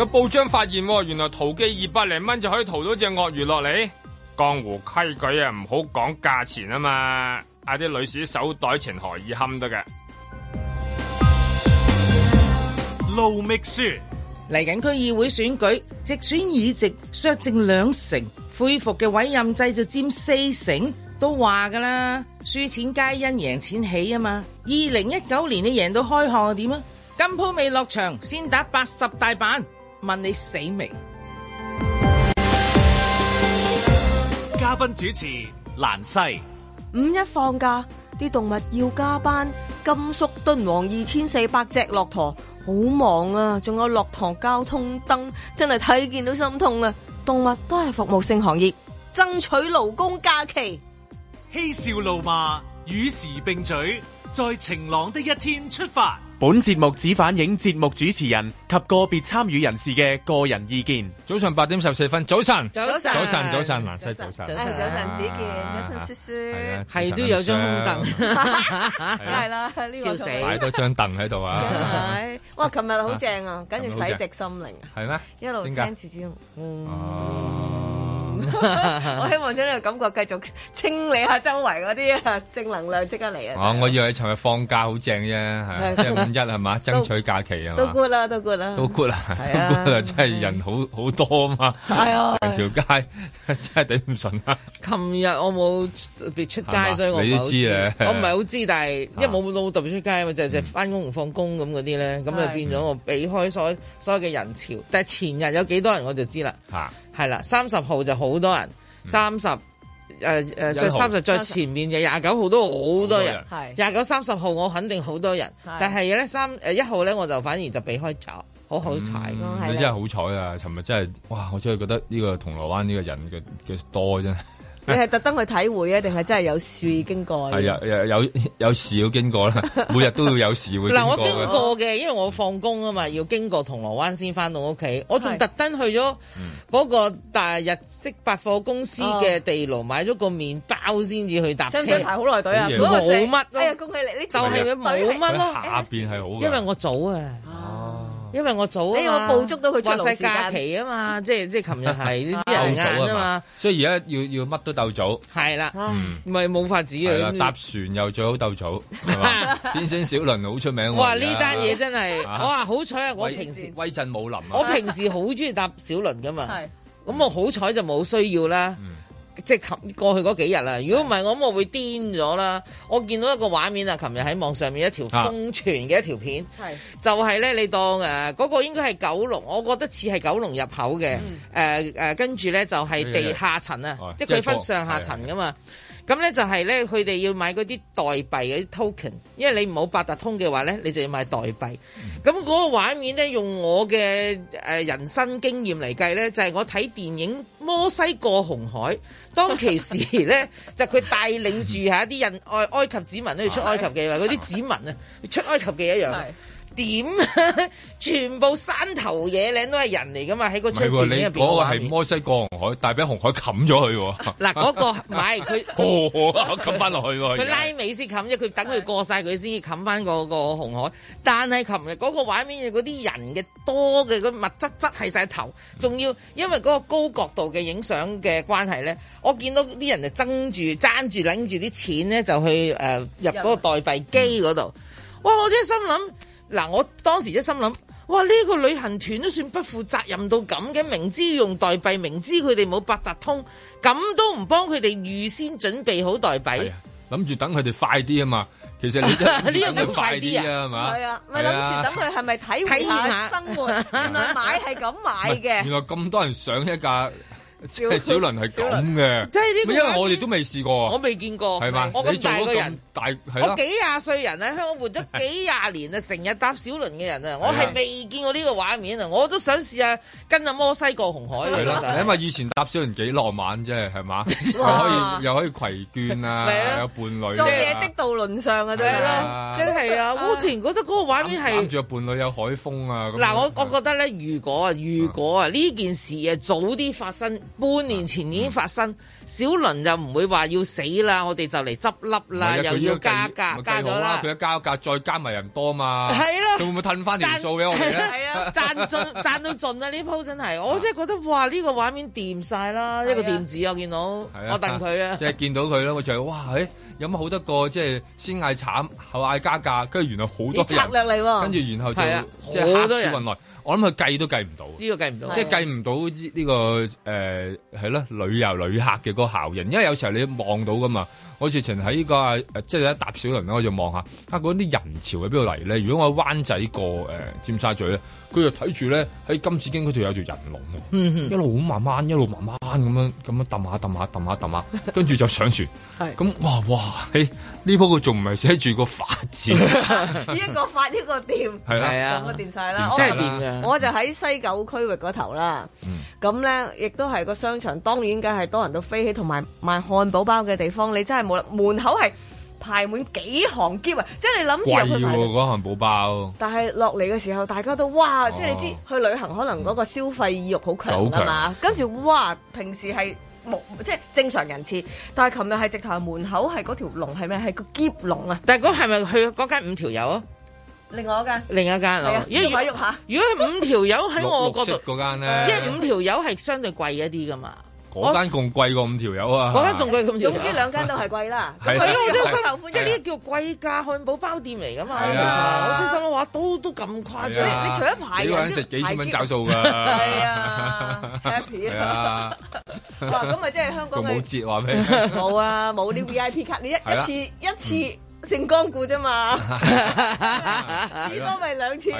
有報章發現，原來淘機二百零蚊就可以淘到隻鱷魚落嚟。江湖規矩啊，唔好講價錢啊嘛。阿啲女士手袋情何以堪得嘅？路姆西嚟緊區議會選舉，直選議席削剩剩兩成，恢復嘅委任制就佔四成，都話噶啦。輸錢皆因贏錢起啊嘛。二零一九年你贏到開巷點啊？今鋪未落場，先打八十大板。問你死未？嘉賓主持蘭西。五一放假，啲動物要加班。甘肅敦煌二千四百隻駱駝，好忙啊！仲有駱駝交通燈，真係睇見都心痛啊！動物都係服務性行業，爭取勞工假期。嬉笑怒罵與時並舉，在晴朗的一天出發。本節目只反映節目主持人及個別參與人士嘅個人意見。早8 14。早上八點十四分，早晨，早晨，早晨，早晨，南西，早晨，早晨，早晨，子、啊、健，早晨，叔叔，係都有張空凳，梗係啦，笑死，擺 多張凳喺度啊，哇，琴日好正啊，簡直洗滌心靈啊，係咩？一路聽住先，嗯。 我希望將呢個感覺繼續清理下周圍嗰啲啊，正能量即刻嚟啊！我以為你尋日放假好正啫，係即係五一係嘛，爭取假期啊都 good 啦，都 good 啦，都 good 啦，都啦、啊，真係人好、啊、好多啊嘛，係啊，成條街真係頂唔順啊！琴、 啊、 日我冇特別出街，所以我唔好知。 我唔係好知，但係因為冇冇特別出街啊嘛，就就翻工唔放工咁嗰啲咧，咁 就變咗我避開所所有嘅人潮。 但係前日有幾多人我就知啦。 係啦，三十號就好多人，三十誒誒，再三十再前面嘅廿九號都好多人，係廿九三十號我肯定好多人，但係咧三誒一號咧我就反而就避開走，好好彩。你真係好彩啊！尋日真係，哇！我真係覺得呢個銅鑼灣呢個人嘅嘅多真係。你係特登去體會啊？定係真係有事經過？係啊，有有事要經過啦。每日都要有事會經過。嗱， 我經過嘅，因為我放工啊嘛，要經過銅鑼灣先翻到屋企。我仲特登去咗嗰個大日式百貨公司嘅地牢買咗個麵包先至去搭車。想排好耐隊啊？冇乜，哎呀，恭喜你，就係咪冇乜咯。下邊係好，因為我早啊。因為我早，因為我捕捉到佢出曬假期啊嘛， 即係即係琴日係呢啲人晏啊嘛， 所以而家要要乜都鬥早，係啦，唔係冇法子搭船又最好鬥早， 天星小輪好出名喎。哇！呢單嘢真係，我話好彩啊！我，真 我，啊 我平時威，威震武林啊， 我平時好中意搭小輪噶嘛，咁 我好彩就冇需要啦。 嗯即係琴過去嗰幾日啦，如果唔係，我諗我會癲咗啦。我見到一個畫面啊，琴日喺網上面一條瘋傳嘅一條片，啊、就係、是、咧你當誒嗰、那個應該係九龍，我覺得似係九龍入口嘅誒誒，跟住咧就係地下層啊、哎，即係佢分上下層噶嘛。哎咁咧就係咧，佢哋要買嗰啲代幣嗰啲 token，因為你唔好八達通嘅話咧，你就要買代幣。咁嗰個畫面咧，用我嘅誒人生經驗嚟計咧，就係、是、我睇電影《摩西過紅海》，當其時咧 就佢帶領住下一啲印愛埃及子民咧出埃及嘅話，嗰啲子民啊出埃及嘅一樣。 點？ 全部山頭野嶺都係人嚟噶嘛？喺個出邊嗰個係摩西過紅海，但俾紅海冚咗佢。嗱、 那個，嗰個唔係佢過，冚翻落去。佢拉尾先冚，即係佢等佢過晒佢先冚翻個個紅海。但係琴日嗰個畫面嘅嗰啲人嘅多嘅嗰物質質係晒頭，仲要因為嗰個高角度嘅影相嘅關係咧，我見到啲人就爭住爭住拎住啲錢咧，就去誒、呃、入嗰個代幣機嗰度。哇！我真係心諗。嗱，我當時一心諗，哇！呢個旅行團都算不負責任到咁嘅，明知要用代幣，明知佢哋冇八達通，咁都唔幫佢哋預先準備好代幣，諗住等佢哋快啲啊嘛。其實呢樣嘢快啲 啊，係嘛？係啊，咪諗住等佢係咪體會下生活？原來買係咁買嘅。原來咁多人上一架小輪係咁嘅，即係呢？因為我哋都未試過，我未見過，係嘛？我咁大個人。大、啊、我幾廿歲人咧，香港活咗幾廿年啊，成日搭小輪嘅人啊，我係未見過呢個畫面啊，我都想試下跟阿摩西過紅海。係你、啊啊啊啊啊、因為以前搭小輪幾浪漫啫，係嘛？又可以又可以攜眷啊，啊，有伴侶、啊。做、就、嘢、是啊啊就是啊啊、的渡輪上嘅都係真係啊！我之前覺得嗰個畫面係跟住伴侶有海風啊。嗱，我我覺得咧，如果啊，如果啊呢、嗯、件事啊早啲發生，半年前已經發生。嗯小輪就唔會話要死啦，我哋就嚟執笠啦，又要加價，加咗啦。佢一加價，再加埋人多嘛。係啦，佢會唔會褪翻？條數俾我嘅。係啊，賺盡賺到盡啊！呢鋪、啊、 真係、啊，我真係覺得哇！呢、這個畫面掂晒啦，一、啊這個店子我見到，我掟佢啊。即係、啊啊就是、見到佢咯，我就係哇！誒、哎，有乜好得個？即、就、係、是、先嗌慘，後嗌加價，跟住原來、啊就是、好多人策略嚟喎。跟住然後就即好多人來。我諗佢計都計唔到，呢個計唔到，即係計唔到呢個誒係咯旅遊旅客嘅嗰個效應，因為有時候你望到噶嘛。我之前喺呢個、呃、即係一搭小輪我就望下，啊嗰啲人潮喺邊度嚟咧？如果我喺灣仔過誒尖沙咀咧？佢就睇住咧，喺金紫荊嗰度有條人龍，一路咁慢慢，一路慢慢咁樣咁樣揼下揼下揼下揼下，跟住就上船。係咁哇哇！誒，呢鋪佢仲唔係寫住個法字？ 一個發一個掂係啦，咁啊掂晒啦。即係掂嘅，我就喺西九區域嗰頭啦。咁、嗯、咧，亦都係個商場，當然梗係多人都飛起，同埋賣漢堡包嘅地方，你真係冇啦，門口係。排滿幾行夾啊！即係你諗住入去嗰漢堡包。但係落嚟嘅時候，大家都哇！即係你知、哦、去旅行可能嗰個消費意欲好強啊嘛。跟住哇，平時係冇即係正常人次，但係琴日係直頭係門口係嗰條龍係咩？係個夾龍啊！但係嗰係咪去嗰間五條友啊？另外一間。另一間是如果一一。如果五條友，如果五條友喺我角度嗰間咧，因為五條友係相對貴一啲噶嘛。嗰間仲貴過五條友啊，哦！嗰間仲貴，啊、總之兩間都係貴啦。係 咯、啊，我真係心頭歡，即係呢啲叫貴價漢堡包店嚟噶嘛。啊、我真心話都都咁誇張。啊、你除咗排食幾千蚊找數㗎。係啊，happy 啊！ 啊 Happy 啊啊 哇，咁咪即係香港係冇折話咩？冇啊，冇啲 V I P 卡，你一一次、啊、一次。一次嗯性光顧啫嘛，最多咪兩次。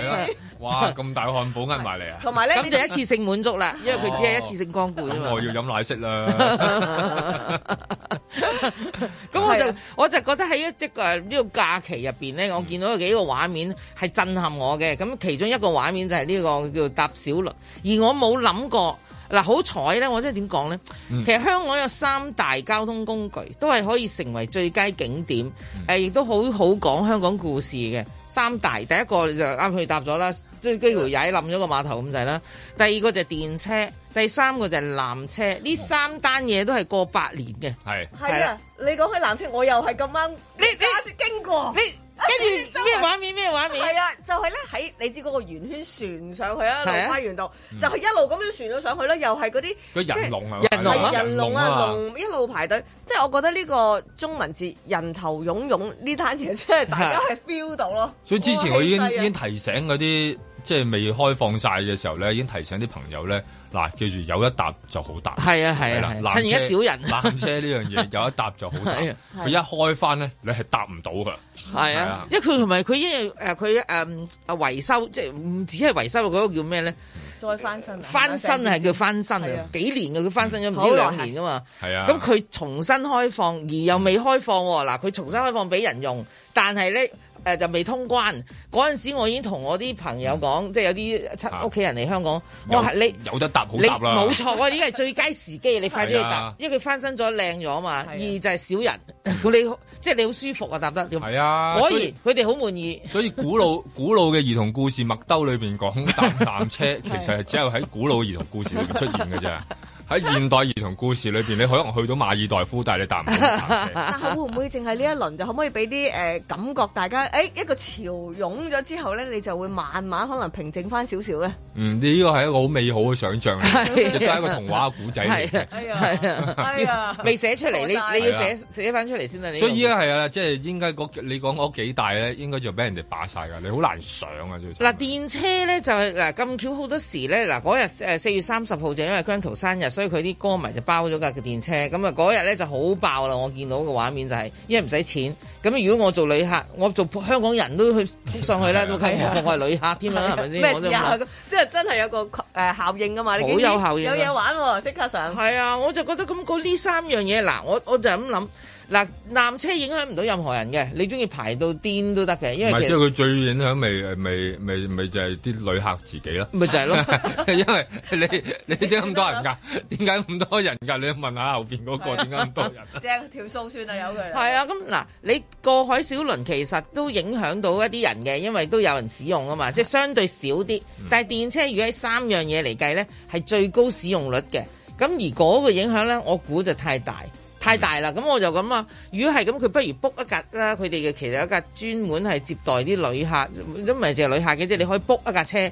哇，咁大漢堡跟埋嚟啊！同埋咧，咁就一次性滿足啦。 因為佢只係一次性光顧啫嘛。哦、我要飲奶昔啦。咁 我就、啊、我就覺得喺一呢個假期入面咧，我見到有幾個畫面係震撼我嘅。咁其中一個畫面就係呢、這個叫做搭小輪，而我冇諗過。嗱，好彩咧，我即係點講咧？其實香港有三大交通工具，都係可以成為最佳景點，誒、嗯，亦都好好講香港故事嘅。三大，第一個你就啱去搭咗啦，即係幾乎踩冧咗個碼頭咁就係啦。第二個就係電車，第三個就係纜車，呢三單嘢都係過百年嘅。係係啊，你講起纜車，我又係咁啱，你你經過你。你跟住咩畫面咩畫面？係 啊，就係咧喺你知嗰個圓圈旋上去啊，流花園度，就係一路咁樣旋咗上去咯，又係嗰啲人龍啊，人龍啊，龍一路排隊，即係我覺得呢個中文字人頭湧湧呢單嘢，真係、啊、大家係 feel 到咯。所以之前我已經已經提醒嗰啲。即係未開放晒嘅時候咧，已經提醒啲朋友咧，嗱，記住有一搭就好搭。係啊係啊，啊啊趁而家少人纜。纜車，呢樣嘢有一搭就好搭，佢、啊啊、一開翻咧，你係搭唔到噶。係啊，啊，啊，因為佢同埋佢因為誒，佢誒啊維修，即係唔只係維修，嗰、嗰個叫咩咧？再翻新。翻新係叫翻新幾、啊、幾年嘅。佢翻新咗唔知兩年㗎嘛。係啊。咁佢、啊、重新開放，而又未開放喎。嗱、嗯，佢、啊、重新開放俾人用，但係咧。誒、呃、就未通關，嗰陣時我已經同我啲朋友講、嗯，即係有啲七屋企人嚟香港，嗯、我話，你有得搭好搭啦，冇錯，我呢個係最佳時機，你快啲去搭、啊，因為佢翻身咗靚咗啊嘛，二就係少人，佢 你即係你好舒服啊搭得了，可、啊、以，佢哋好滿意。所以，所以古老 古老嘅兒童故事麥兜裏面講搭纜車，其實係只有喺古老兒童故事裏面出現嘅啫。 喺現代兒童故事裏邊，你可能去到馬爾代夫，但係你搭唔到電車，但係會唔會淨係呢一輪就可唔可以俾啲誒感覺大家？誒、欸、一個潮湧咗之後咧，你就會慢慢可能平靜翻少少咧。嗯，呢個係一個好美好嘅想像，亦都係一個童話嘅故仔嚟。係啊係啊，未、啊啊 哎哎、 寫出嚟，你你要寫、 啊、寫翻出嚟先啊！所以依家係啊， 即係應該你講嗰幾大咧，應該就俾人哋霸晒㗎。你好難想啊！嗱電車咧就係，嗱咁巧好多時咧，嗱嗰日誒四月三十號就因為姜濤生日。所以佢啲歌迷就包咗架嘅電車，咁啊嗰日咧就好爆啦！我見到個畫面就係、是，因為唔使錢，咁如果我做旅客，我做香港人都去撲 上去啦、啊，都冇錯，我係旅客添啦，係咪先？咩啊？即係、啊啊啊、真係有個誒、呃、效應噶嘛？好有效應，有嘢玩喎，即刻上。係啊，我就覺得咁個呢三樣嘢，嗱，我我就咁諗。嗱，纜車影響唔到任何人嘅，你中意排到癲都得嘅，因為其實佢、就係、最影響咪誒咪就係、係、啲 旅客自己啦，咪就係咯，因為你 你咁多人㗎、啊，點解咁多人㗎、啊？ 你問下後邊嗰、嗰個點解咁多人即、啊、 正條數算有、嗯、係啊有嘅。係啊咁嗱，你過海小輪其實都影響到一啲人嘅，因為都有人使用啊嘛，係嘅即係相對少啲、嗯，但係電車如果喺三樣嘢嚟計咧，係最高使用率嘅，咁而嗰個影響咧，我估就太大。太大啦，咁我就咁啊！如果係咁，佢不如 book 一架啦，佢哋嘅其實有一架專門係接待啲旅客，都唔係淨係旅客嘅啫，即係你可以 book 一架車，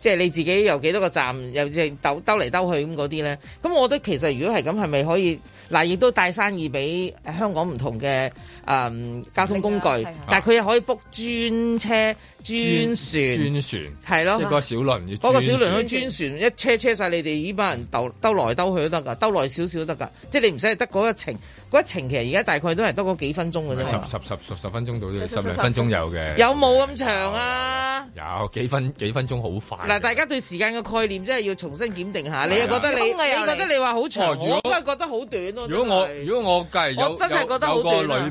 即係你自己有幾多個站又即係兜兜嚟兜去咁嗰啲咧。咁我覺得其實如果係咁，係咪可以嗱，亦、啊、都帶生意俾香港唔同嘅？誒、嗯、交通工具，但係佢又可以 book 專車、啊專、專船，專船係咯，即係個小輪。嗰個小輪去以專船專，一車車晒你哋呢班人兜兜來兜去都得㗎，兜耐少少都得㗎。即係你唔使得嗰一程，嗰、那、一、個、程其實而家大概都係得嗰幾分鐘嘅啫。十十十十,十分鐘到啦，十零分鐘有嘅。有冇咁長啊？有，有幾分幾分鐘好快。嗱，大家對時間嘅概念真係要重新檢定下。你又覺得你你覺得你話好長，我都係覺得好短咯、啊。如果我如果我計，我真係覺得好短、啊。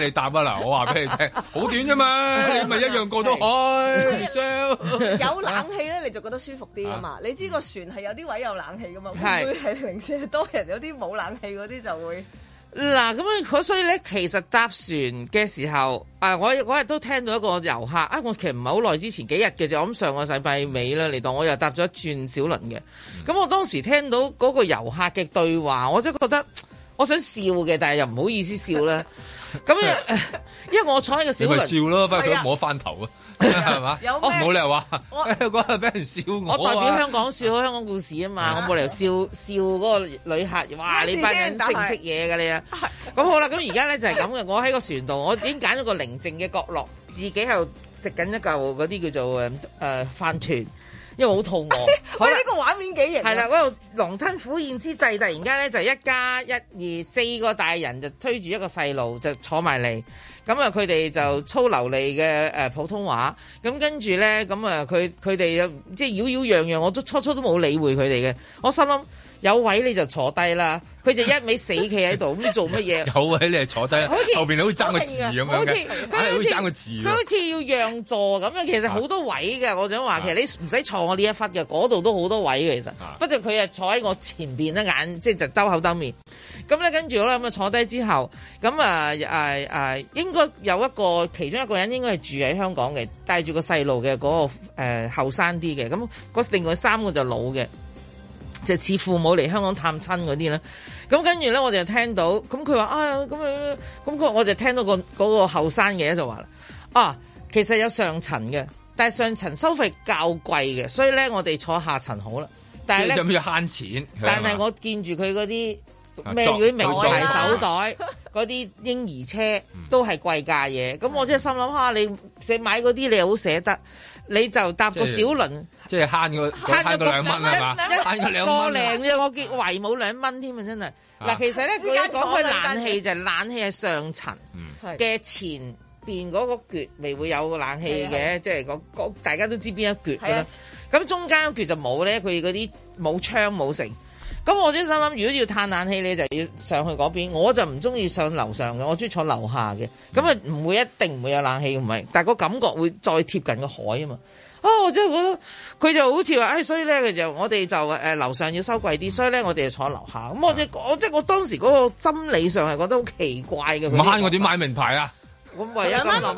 你搭啊嗱，我話俾你聽，好短啫嘛，你咪一樣過得開。有冷氣咧，你就覺得舒服啲噶嘛。你知個船係有啲位有冷氣噶嘛，會係零舍多人，有啲冇冷氣嗰啲就會。嗱咁樣，所以咧，其實搭船嘅時候，啊，我我亦都聽到一個遊客啊，我其實唔係好耐之前幾日嘅啫咁上個世紀尾啦嚟到，我又搭咗一轉小輪嘅。咁、嗯、我當時聽到嗰個遊客嘅對話，我就覺得。我想笑嘅，但係又唔好意思笑咧。咁， 因為我坐喺個小船，笑咯，反正佢唔攞翻頭啊，係嘛？有？冇理由話俾人笑我、啊、我代表香港笑好香港故事啊嘛，啊我冇理由笑笑嗰個旅客。哇！哇懂懂你班人識唔識嘢㗎你啊？咁 好啦，咁而家咧就係咁嘅。我喺個船度，我已經揀咗個寧靜嘅角落，自己喺度食緊一嚿嗰啲叫做誒誒、呃、飯團。因為好肚餓，哇！呢個畫面幾型，係 啦，嗰、那、度、個、狼吞虎咽之際，突然間咧就一家一二四個大人就推住一個細路就坐埋嚟，咁啊佢哋就操流利嘅普通話，咁跟住咧咁啊佢佢哋即係擾擾攘攘，我都初初都冇理會佢哋嘅，我心諗。有位你就坐低啦，佢就一味死企喺度，咁 你做乜嘢？有位你係坐低，後邊你好爭個字咁樣，好似好似爭個字，佢好似要讓座咁樣。其實好多位嘅，我想話，其實你唔使坐我呢一忽嘅，嗰 度都好多位嘅。其實， 不過佢係坐喺我前邊一眼即係就兜口兜面。咁咧、就是、跟住喇。咁啊坐低之後，咁啊誒誒、啊啊，應該有一個其中一個人應該係住喺香港嘅，帶住個細路嘅嗰個誒後生啲嘅，咁、呃那個、另外三個就老嘅。就似父母嚟香港探親嗰啲啦。咁跟住咧，我就聽到咁佢話啊，咁咁我我就聽到個嗰個後生嘅就話啦，啊，其實有上層嘅，但係上層收費較貴嘅，所以咧我哋坐下層好啦。但係咧，就係、要慳錢。但係我見住佢嗰啲咩嗰啲名牌手袋，嗰啲嬰兒車都係貴價嘢，咁、嗯、我真係心諗下你，你買嗰啲你又好捨得。你就搭個小輪，即係慳個慳個兩蚊係嘛？慳個兩蚊咋， 我見為冇兩蚊添啊真係。嗱其實咧，佢一講開冷氣就係、是啊、冷氣喺上層嘅、嗯、前邊嗰個竅未會有冷氣嘅，即係大家都知邊一竅啦。咁中間嗰竅就冇咧，佢嗰啲冇窗冇成。咁我真心諗，如果要嘆冷氣你就要上去嗰邊。我就唔中意上樓上嘅，我中意坐樓下嘅。咁啊，唔會一定唔會有冷氣，唔係，但係個感覺會再貼近個海啊嘛。哦，我真係覺得佢就好似話，哎，所以咧，佢就我哋就誒、呃、樓上要收貴啲，所以咧，我哋就坐樓下。咁我哋，我即係我，我當時嗰個心理上係覺得好奇怪嘅。唔慳我點買名牌啊？我唯有慳咯，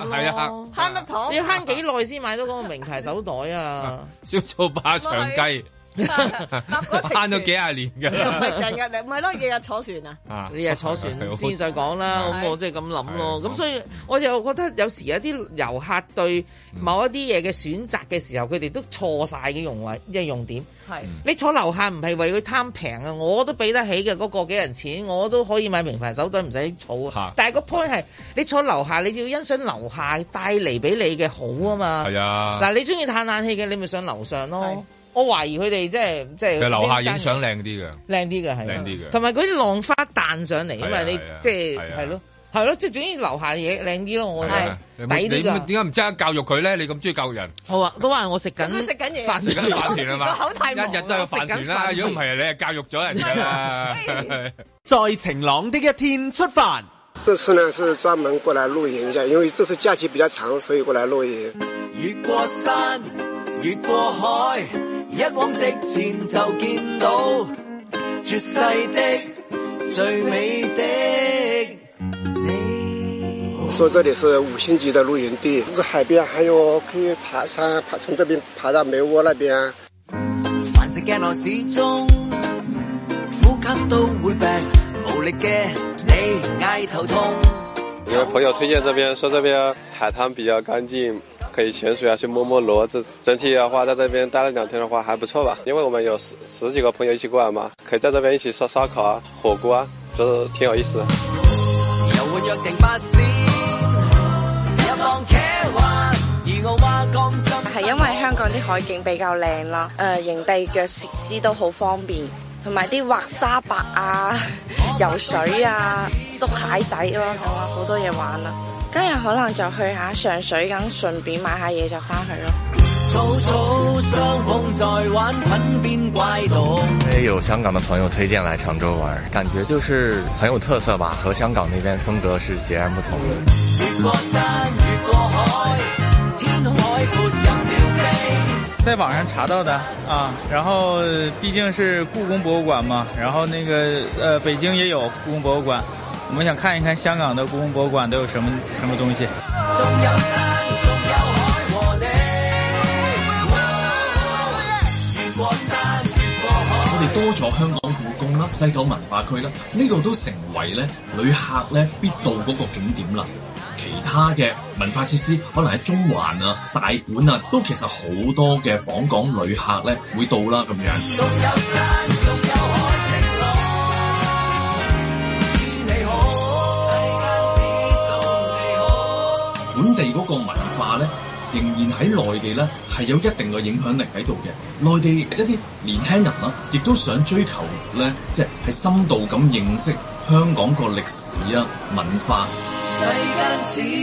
慳得你慳幾耐先買到嗰個名牌手袋啊？小草霸搶雞。慳 咗幾廿年噶，唔係成日嚟，唔係咯，日日坐船啊！你、啊、日坐船先再講啦，咁、啊、我即係咁諗咯。咁所以我就覺得有時有啲遊客對某一啲嘢嘅選擇嘅時候，佢、嗯、哋都錯晒嘅用為，即係用點。係你坐樓下，唔係為佢貪平啊，我都俾得起嘅嗰、那個幾人錢，我都可以買名牌手袋唔使儲。但係個 point 係你坐樓下，你就要欣賞樓下帶嚟俾你嘅好啊嘛。係啊，嗱，你中意嘆冷氣嘅，你咪上樓上咯。我懷疑佢哋即係即係，佢樓下影相靚啲嘅，靚啲嘅係，靚啲嘅同埋嗰啲浪花彈上嚟、啊，因為你即係係咯，係咯、啊，即係總之樓下嘢靚啲咯，我係抵啲。你點解唔即刻教育佢咧？你咁中意教人。好啊，都話我食緊，都食緊嘢，飯團飯團嘛， 一日都有飯團啦。如果唔係，你係教育咗人㗎。啊啊、 在晴朗的一天出發，這次呢是專門過嚟露營一下，因為這次假期比較長，所以過嚟露營。越過山，越過海。一往直前就見到絕世的、的。最美的。你說這裏是五星級的露營地，這海邊還有可以爬山，爬從這邊爬到梅窩那邊。無力嘅你嗌頭痛。有位朋友推薦這邊，說這邊海灘比較乾淨。可以潛水啊，去摸摸螺子。這整體的話，在這邊待了兩天的話，還不錯吧？因為我們有十十幾個朋友一起過來嘛，可以在這邊一起燒燒烤啊、火鍋啊，就是挺有意思的。係因為香港啲海景比較靚啦，誒、呃，營地嘅設施都好方便，同埋啲滑沙白啊、游水啊、捉蟹仔咯、啊，好多嘢玩啊。今日可能就去下上水咁，順便買下嘢就翻去咯。因為有香港的朋友推薦來長洲玩，感覺就是很有特色吧，和香港那邊風格是截然不同的。在網上查到的啊，然後畢竟是故宮博物館嘛，然後那個，呃，北京也有故宮博物館。我們想看一看香港的故宮博物館都有什麼什麼東西。我哋多咗香港故宮啦，西九文化區啦，呢度都成為咧旅客咧必到嗰個景點啦。其他嘅文化設施可能喺中環啊、大館啊，都其實好多嘅訪港旅客咧會到啦咁樣。地、那、嗰個文化咧，仍然喺內地咧係有一定嘅影響力喺度嘅。內地一啲年輕人啦、啊，亦都想追求咧，即係深度咁認識香港個歷史啊文化。世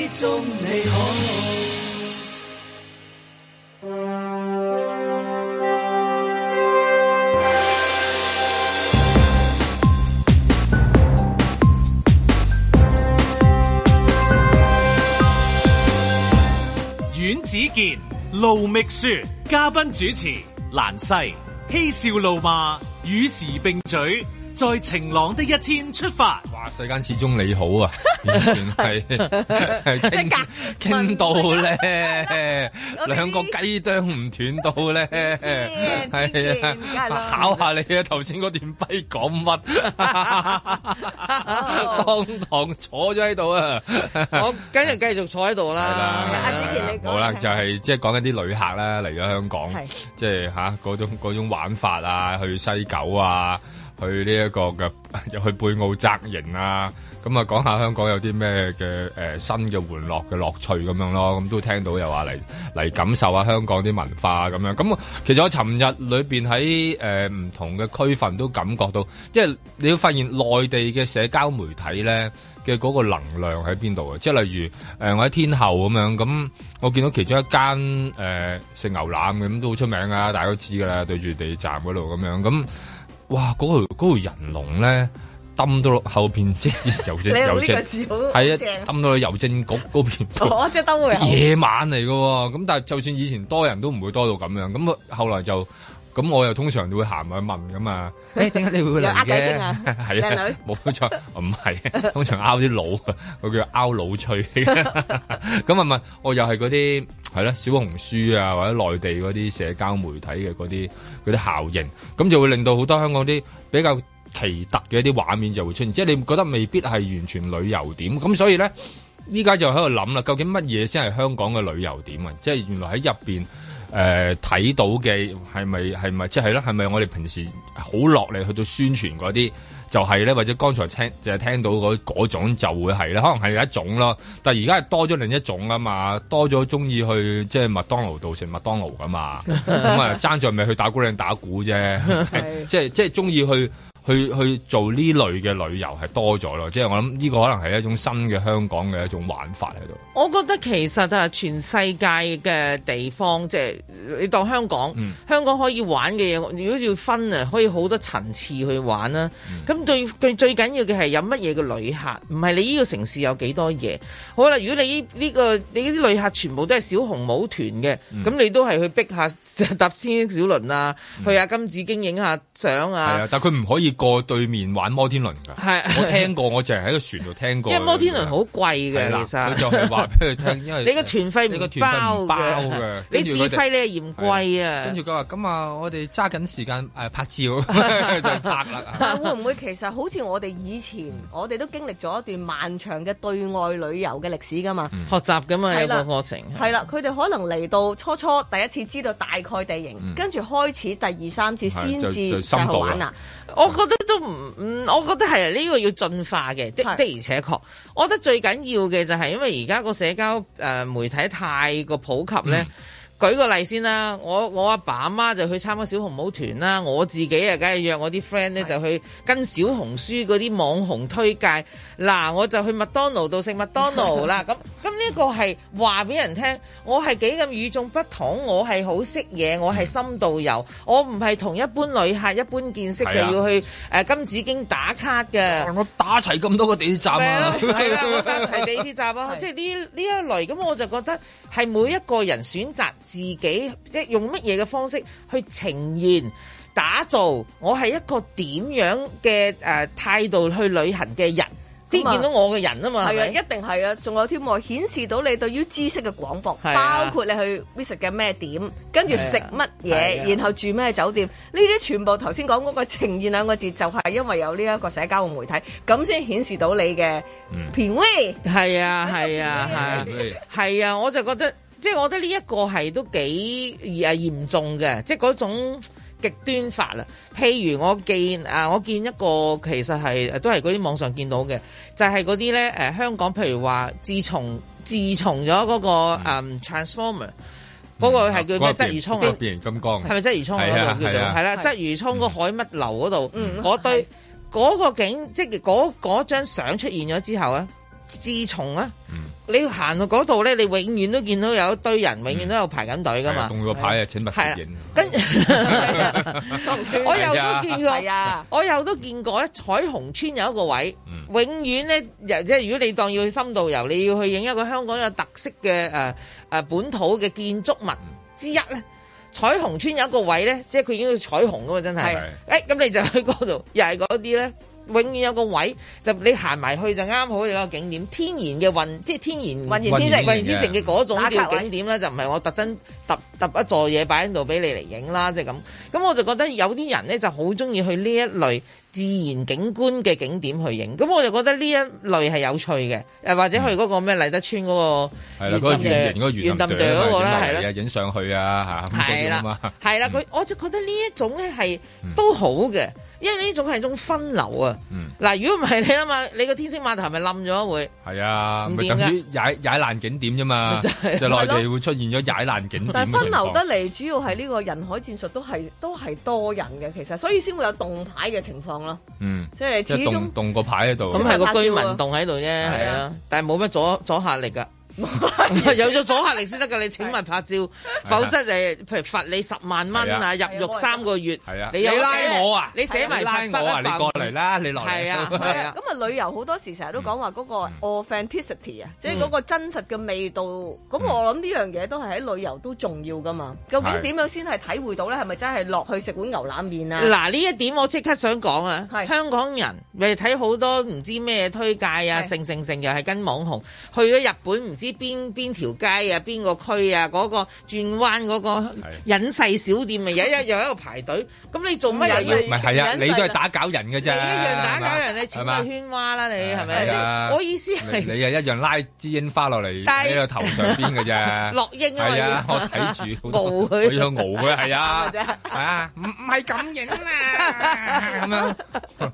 阮子健、盧覓雪，嘉賓主持蘭西，嬉笑怒罵，與時並舉。在晴朗的一天出發。哇！世間始終你好啊，完全係傾 親 到咧，兩、啊、個雞啄唔斷到咧。考下你啊，頭先嗰段跛講乜？當堂坐咗喺度啊！我梗係繼續坐喺度啦。啊啊啊、好啦，就係即係講緊啲旅客啦，嚟、就、咗、是就是、香港，即係吓嗰種種玩法啊，去西九啊。去呢、這、一個嘅，又去貝澳紮營啊！咁啊，講下香港有啲咩嘅誒新嘅玩樂嘅樂趣咁樣咯。咁都聽到又話嚟嚟感受下香港啲文化咁樣。咁其實我尋日裏邊喺誒唔同嘅區份都感覺到，即係你要發現內地嘅社交媒體咧嘅嗰個能量喺邊度嘅。即係例如誒、呃、我喺天后咁樣，咁我見到其中一間誒、呃、食牛腩嘅咁都好出名啊！大家都知㗎啦，對住地鐵站嗰度咁樣咁。哇！嗰、那、條、個那個、人龍咧，揼到後面，即係郵政郵政，係啊，揼到郵政局嗰邊、哦。即係都夜晚嚟嘅咁，但係就算以前多人都唔會多到咁樣，咁後來就咁，咁我又通常都會行去問噶嘛。誒、欸，點解你會嚟嘅？係啊，冇、 啊、錯，唔、哦、係通常拗啲老啊，佢叫拗老脆。咁 啊、嗯、問，我又係嗰啲。係啦，小紅書啊，或者內地嗰啲社交媒體嘅嗰啲嗰啲效應，咁就會令到好多香港啲比較奇特嘅一啲畫面就會出現，即係你覺得未必係完全旅遊點，咁所以咧，依家就喺度諗啦，究竟乜嘢先係香港嘅旅遊點啊？即係原來喺入面。誒、呃、睇到嘅係咪係咪即係咧？係咪我哋平時好落力去到宣傳嗰啲就係、是、咧，或者剛才聽，聽到嗰種就會係咧，可能係一種咯。但係而家係多咗另一種啊嘛，多咗中意去即係麥當勞度食麥當勞㗎嘛。咁啊，爭在咪去打鼓定打鼓啫？ 即係即係中意去。去去做呢類嘅旅遊係多咗咯，即係我諗呢個可能係一種新嘅香港嘅一種玩法喺度。我覺得其實啊，全世界嘅地方，即、就、係、是、你當香港，嗯、香港可以玩嘅嘢，如果要分啊，可以好多層次去玩啦。咁、嗯、最最最緊要嘅係有乜嘢嘅旅客，唔係你呢個城市有幾多嘢。好啦，如果你呢、這個你呢啲旅客全部都係小紅帽團嘅，咁、嗯、你都係去逼一下搭天星小輪啊，嗯、去金經啊金紫荊影下相啊。但佢唔可以。過對面玩摩天輪噶，係。我聽過， 我淨係喺個船度聽過。因為摩天輪好貴嘅，其實佢就係話俾佢聽，因為 你個團費唔包嘅，你自費 你係嫌貴啊。跟住佢話：咁啊，我哋揸緊時間誒拍照， 就拍啦。會唔會其實好似我哋以前，我哋都經歷咗一段漫長嘅對外旅遊嘅歷史噶嘛？嗯、學習噶嘛呢、這個過程。係啦，佢哋可能嚟到初初第一次知道大概地形，跟、嗯、住開始第二三次先至就，就深度最玩啦、嗯。我覺。都都唔唔，我覺得係啊，呢、呢個要進化嘅，的的而且確，我覺得最緊要嘅就係，因為而家個社交誒媒體太過普及咧。嗯舉個例先啦，我我阿爸阿媽就去參加小紅帽團啦，我自己啊，梗係約我啲 friend 咧就去跟小紅書嗰啲網紅推介。嗱，我就去麥當勞度食麥當勞啦。咁咁呢個係話俾人聽，我係幾咁與眾不同，我係好識嘢，我係深度遊，我唔係同一般旅客一般見識就要去金紫荊打卡嘅。我打齊咁多個地鐵站。係啊，係啦，我打齊地鐵站啊，即係呢呢一類咁我就覺得係每一個人選擇。自己即係用乜嘢嘅方式去呈現打造，我係一個點樣嘅誒態度去旅行嘅人先、嗯啊、見到我嘅人啊嘛，係啊，一定係啊，仲有添喎，顯示到你對於知識嘅廣博，包括你去 visit 嘅咩點，跟住食乜嘢，然後住咩酒店，呢啲、啊啊、全部頭先講嗰個呈現兩個字，就係、是、因為有呢一個社交嘅媒體，咁先顯示到你嘅權威，係、嗯、啊，係啊，係啊，係啊，我就覺得。即係我覺得呢一個係都幾誒嚴重嘅，即係嗰種極端法啦。譬如我見啊，我見一個其實係都係嗰啲網上見到嘅，就係嗰啲咧香港，譬如話，自從自從咗嗰、那個、嗯、Transformer 嗰個係叫咩？鰂魚涌啊，變形金剛係咪鰂魚涌嗰度叫做係啦？鰂、啊啊啊啊啊啊啊啊啊、魚涌個海乜樓嗰度，嗯，嗰堆嗰個景，啊、即係嗰嗰張相出現咗之後啊，自從啊。嗯你行去嗰度咧，你永遠都見到有一堆人，永遠都有排緊隊噶嘛。嗯、個牌啊，請勿影。係啦，跟 我又都見過，我又都見過咧。彩虹村有一個位，永遠咧，即係如果你當要去深度遊，你要去影一個香港有特色嘅誒、啊啊、本土嘅建築物之一咧。彩虹村有一個位咧，即係佢已經彩虹噶嘛，真係。咁、欸、你就去嗰度，又係嗰啲咧。永遠有個位，就你行埋去就啱好有個景點，天然嘅運即係天然天然天成嘅嗰種叫景點咧，就唔係我特登揼揼一座嘢擺喺度俾你嚟影啦，即係咁。咁我就覺得有啲人咧就好中意去呢一類。自然景觀嘅景點去影，咁我就覺得呢一類係有趣嘅，誒或者去嗰個咩麗德村嗰個係啦，嗰、嗯那個圓圓圓啦，係啦、那個，影、那個那個啊、上去啊嚇，係、啊、啦、那個嗯，我就覺得呢一種咧係都好嘅、嗯，因為呢種係一種分流啊。嗱、嗯，如果唔係你諗下，你個天星碼頭係咪冧咗一回？係、就是、啊，唔掂踩踩爛景點啫嘛，就係，就內地會出現咗踩爛景點的。但係分流得嚟，主要係呢個人海戰術都係都係多人嘅，其實所以先會有動態嘅情況咯，嗯，即係始終戙個牌喺度，咁係個居民戙喺度啫，係啊，啊，但係冇乜阻阻嚇力噶。有咗阻嚇力先得噶，你請勿拍照，否則誒，譬如罰你十萬蚊啊，入獄三個月。你又拉我啊，你寫埋拉我啊，你過嚟啦，你落嚟。係啊，咁啊，旅遊好多時成日都講話嗰個 authenticity 啊，即係嗰個真實嘅味道。咁我諗呢樣嘢都係喺旅遊都重要噶嘛。究竟點樣先係體會到咧？係咪真係落去食碗牛腩麵啊？嗱，呢一點我即刻想講啊。係香港人你睇好多唔知咩推介啊，成成成又係跟網紅去咗日本，唔知。邊邊條街啊，邊個區啊，嗰、那個轉彎嗰個隱世小店咪、啊、一個有一樣喺度排隊，咁你做乜又要？咪係啊，你都係打攪人嘅啫，你一樣打攪人，是是你全部圈蛙啦，你係咪？啊啊就是、我意思係你又一樣拉支櫻花落嚟喺個頭上邊嘅啫， 落櫻啊，啊！我睇住，敖 佢， 我佢，係啊，係 啊，唔唔係咁影啊！咁樣，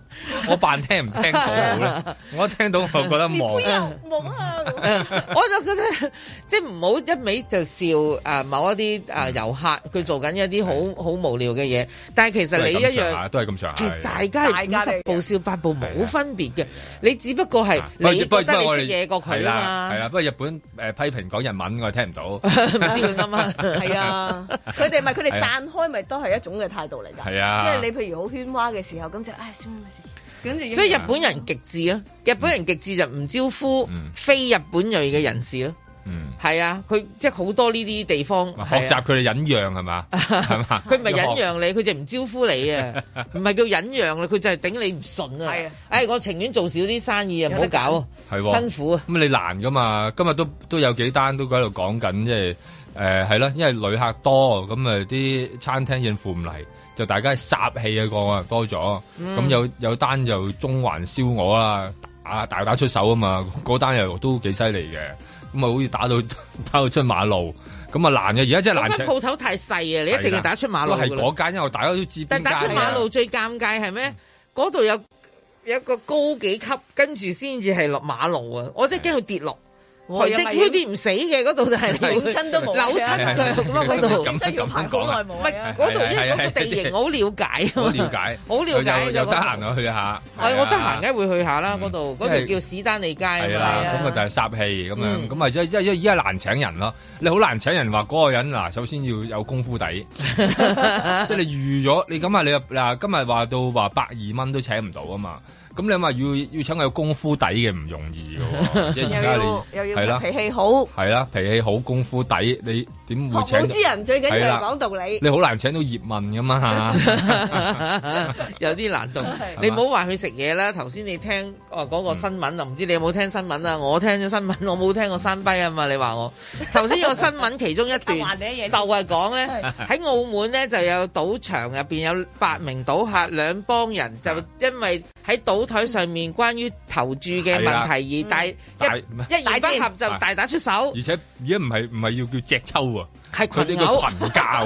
我扮聽唔聽到 我聽到我覺得懵啊，懵啊， 我覺得即係唔好一味就笑，誒，某一啲誒遊客佢，嗯、做緊一啲好好無聊嘅嘢，但係其實你一樣都係咁長，其實大家係五十步笑百步冇分別嘅，你只不過係你覺得你先嘢過佢啦嘛。係啊，不過日本誒、呃、批評講日文我聽唔到，唔知佢啱嘛？係啊，佢哋咪佢哋散開咪都係一種嘅態度嚟噶，即係你譬如好喧嘩嘅時候咁就唉，算唔算？所以日本人極致啊！日本人極致就唔招呼非日本裔嘅人士咯。嗯，係啊，佢即係好多呢啲地方學習佢哋忍讓係嘛？係嘛？佢唔係忍讓你，佢就唔招呼你啊！唔係叫忍讓啦，佢就係頂你唔順啊！係啊，唉、哎，我情願做少啲生意啊，唔好搞啊，係辛苦啊！咁你難噶嘛？今日都都有幾單都喺度講緊，即係。誒係咯，因為旅客多，咁誒啲餐廳應付唔嚟，就大家殺氣嘅個啊多咗，咁、嗯嗯、有有單就中環燒鵝啦，啊大打,打出手啊嘛，嗰單又都幾犀利嘅，咁、嗯、啊好似打到打到出馬路，咁、嗯、啊難嘅而家真係難的，啲鋪頭太細啊，你一定要打出馬路㗎啦。係嗰間，因為大家都知。但打出馬路最尷尬係咩？嗰、嗯、度有有一個高幾級,級，跟住先至係落馬路啊！我真係驚佢跌落。佢跌啲唔死嘅，嗰度就係扭親都冇嘅，扭親腳咯嗰度。即係要排港澳舞唔係嗰度，因為嗰個地形我好了解，好瞭解。好了解。又得閒就去下。誒，我得閒嘅會去下啦。嗰度嗰度叫史丹利街。係啦，咁啊就係煞氣咁啊。咁啊，即係即係依家難請人咯。你好難請人話嗰個人嗱，首先要有功夫底。即係你預咗你咁啊，你嗱今日話到話百二蚊都請唔到啊嘛。咁你話要要請有功夫底嘅唔容易喎， 即係而家你又要啦，又要脾氣好，係啦，脾氣好功夫底你。學武之人最緊要講道理，你好難請到葉問㗎嘛， 有啲難度。 你唔好話去食嘢啦。頭先你聽哦嗰個新聞，就唔知你有冇聽新聞啊？我聽咗新聞，我冇聽過山批啊嘛。你話我頭先個新聞其中一段，一就係講咧，喺澳門咧就有賭場入邊有八名賭客，兩幫人就因為喺賭台上面關於投注嘅問題而大，嗯、一言，嗯、不合就大打出手。啊、而且而家唔係唔係要叫隻抽。係群毆，咁佢哋有群毆嗱，咁而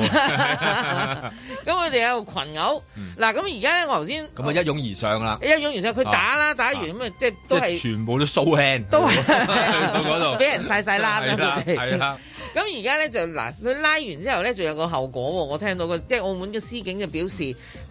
家咧，我頭先咁啊一擁而上啦，一擁而上，佢打啦、啊，打完咁啊，即係都係全部都 show hand，都去到嗰度，俾 人晒晒 拉啦，係啦，咁而家咧就嗱，佢拉完之後咧，仲有個後果，我聽到個，即係澳門嘅司警就表示，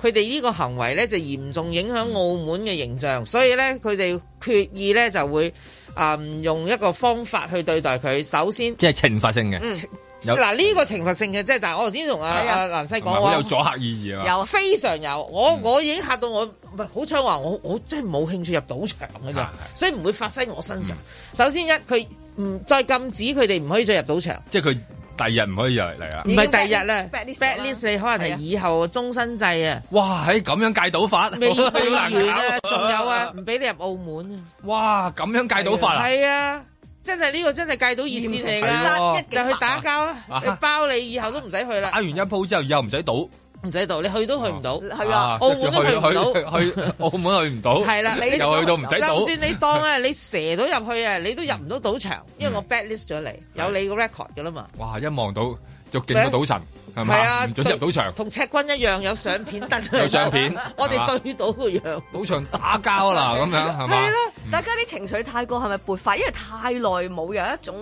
佢哋呢個行為咧就嚴重影響澳門嘅形象，嗯、所以咧佢哋決意咧就會啊、嗯、用一個方法去對待佢，首先即係懲罰性嘅。嗯嗱呢、啊呢個懲罰性嘅，即係但我頭先同阿阿蘭西講、啊、我係係有阻嚇意義啊！有非常有，我、嗯、我已經嚇到我，唔係好彩話我我真係冇興趣入賭場嘅、嗯，所以唔會發生我身上。嗯、首先一佢唔再禁止佢哋唔可以再入賭場，即係佢第二日唔可以入嚟啊！唔係第二日啦，bad list 你可能係以後終身制啊！哇，喺、哎、咁樣戒賭法，未 然啊！仲 有啊，唔、啊、俾你入澳門啊！哇，咁樣戒賭法啊！係啊！真係呢個真係戒到熱線嚟噶就去打交啦！你包你以後都唔使去啦。打完一鋪之後，以後唔使賭，唔使賭，你去都去唔到。係啊，澳門都去唔到，去澳門去唔到。係啦，又去到唔使賭。就算你當啊，你蛇到入去啊，你都入唔到賭場，因為我 blacklist 咗你，有你個 record 噶啦嘛。哇！一望到。就勁嘅賭神係咪？唔、啊、准入賭場，同赤軍一樣有相片得上。有相片，我哋對賭個樣，賭場打交啦咁樣係咪？係啦、啊嗯，大家啲情緒太過係咪勃發？因為太耐冇有，有一種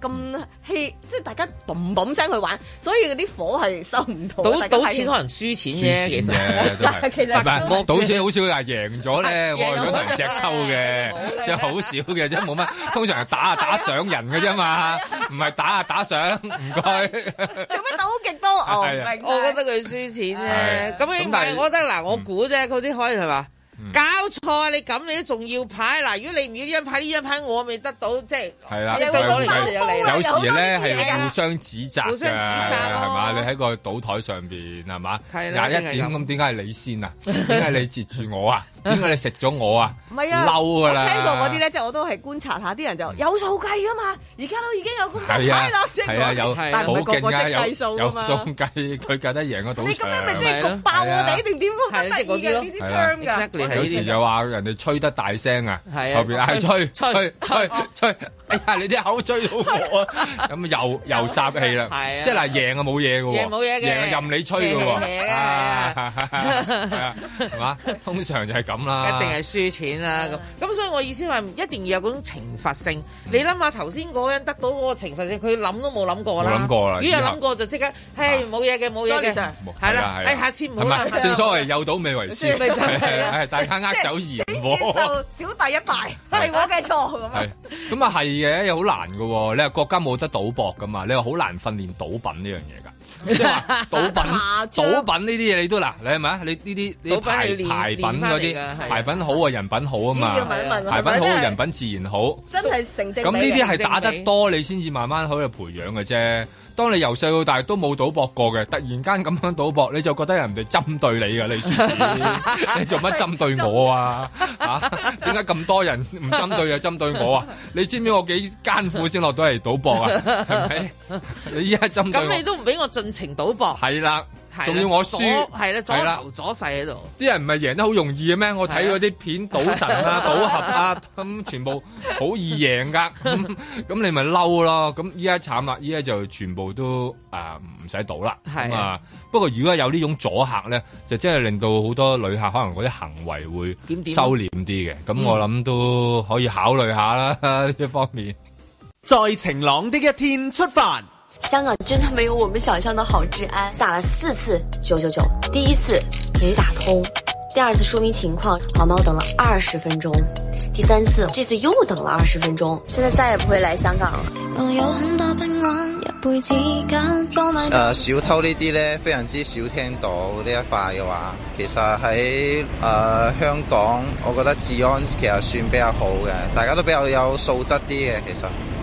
咁氣、嗯，即係大家嘣嘣聲去玩，所以嗰啲火係收唔到。賭賭錢可能輸錢嘅，其實唔係。我、 啊就是、賭錢好少，又係贏咗咧。想同人隻抽嘅，即係好少嘅，啫、啊，冇乜。通常係打啊打上人嘅啫嘛，唔係打啊打上唔該。啊啊做乜賭極多？我覺得佢輸錢啫。咁、 嗯、但係我覺得嗱，我估啫，佢啲可以係話交錯你咁你都仲要牌。嗱，如果你唔要呢張牌，呢張牌我未得到，即係。係啦、啊，對佬嚟就嚟啦、啊。有時咧係互相指責、啊、互相指責係、啊、嘛？你喺個賭台上面，係嘛？廿、啊、一點咁點解係你先啊？點解你截住我啊？ 點解你食咗我啊，嬲㗎啦！啊、聽過嗰啲咧，即、就是、我都係觀察下啲人就有數計㗎嘛，而家都已經有數計啦，即係有好勁啊，有啊厲害啊是是計有，有數計，佢計得贏個賭場，係咯、啊。你咁、啊、樣咪即係篤爆我哋定點咁唔得意嘅？你知唔知？係啦，即係、啊啊 exactly、有時就話人哋吹得大聲啊，啊後邊係吹吹吹吹。哎呀！你啲口吹到我啊，咁又又嘥氣啦、啊，即係嗱，贏啊冇嘢嘅喎，贏冇嘢嘅，贏任你吹嘅喎，係嘛、啊啊 啊？通常就係咁啦，一定係輸錢啦咁。啊、所以我意思話，一定要有嗰種懲罰性。啊、你諗下頭先嗰人得到嗰個懲罰性，佢諗都冇諗過啦，諗過啦。如果有諗過就即刻，嘿冇嘢嘅冇嘢嘅，係、哎啊啊哎、啦，係啦、啊，誒下次唔好啦。正所謂有賭未為輸、啊啊就是啊啊，大家握手言和。接受小弟一敗係我嘅錯咁啊，咁係。嘅又好難喎，你話國家冇得賭博㗎嘛？你又好難訓練賭品呢樣嘢㗎，賭品你都你是是你賭品呢啲嘢你都嗱，你係咪啊？你呢啲呢牌品嗰啲牌品好啊，人品好啊嘛，牌品好人品自然好，真係成正比，咁呢啲係打得多，你先至慢慢喺度培養嘅啫。當你由細到大都冇賭博過嘅，突然間咁樣賭博，你就覺得人哋針對你噶，你知唔 你做乜針對我啊？吓、 啊？點解咁多人唔針對啊？針對我啊？ 你知唔知我幾艱苦先落到嚟賭博啊？係咪？ 你依家針對咁你都唔俾我盡情賭博？係啦。 仲要我輸係啦，阻頭阻勢喺度。啲人唔係贏得好容易嘅咩？我睇嗰啲片賭神啊、賭俠啊，咁 全部好易贏噶。咁你咪嬲咯。咁依家慘啦，依家就全部都誒唔使賭啦。啊，不過如果有呢種阻嚇咧，就真係令到好多旅客可能嗰啲行為會收斂啲嘅。咁我諗都可以考慮下啦呢、嗯、方面。再晴朗啲嘅天出發。香港真的沒有我們想象的好治安，打了四次999，第一次沒打通，第二次說明情況，好嘛，我等了二十分鐘，第三次這次又等了二十分鐘，現在再也不會來香港了。呃，小偷呢啲呢，非常之少聽到呢一塊嘅話，其實喺，呃，香港，我覺得治安其實算比較好嘅，大家都比較有素質啲嘅，其實。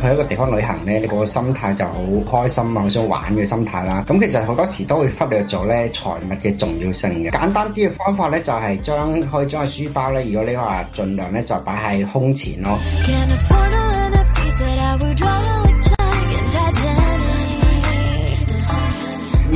去一個地方旅行呢，你個心態就好開心啊，好想玩嘅心態啦。咁其實好多時都會忽略咗呢財物嘅重要性嘅。簡單啲嘅方法呢，就係將可以將個書包呢，如果你話盡量呢，就擺喺胸前咯。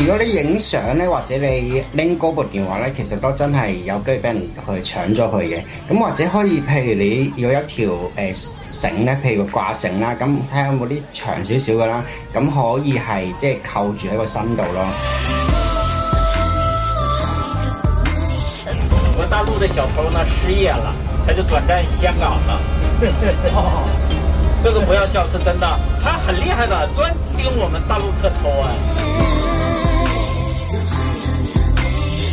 如果你影相咧，或者你拎嗰部電話咧，其實都真係有機會俾人去搶咗佢嘅。咁或者可以，譬如你有一條誒繩咧，譬如掛繩啦，咁睇下有冇啲長少少㗎啦，咁可以係即係扣住喺個身度咯。我大陸嘅小偷呢，失業啦，佢就轉戰香港啦。哦， 這個不要笑，是真的，他很厲害的，專盯我們大陸客偷啊。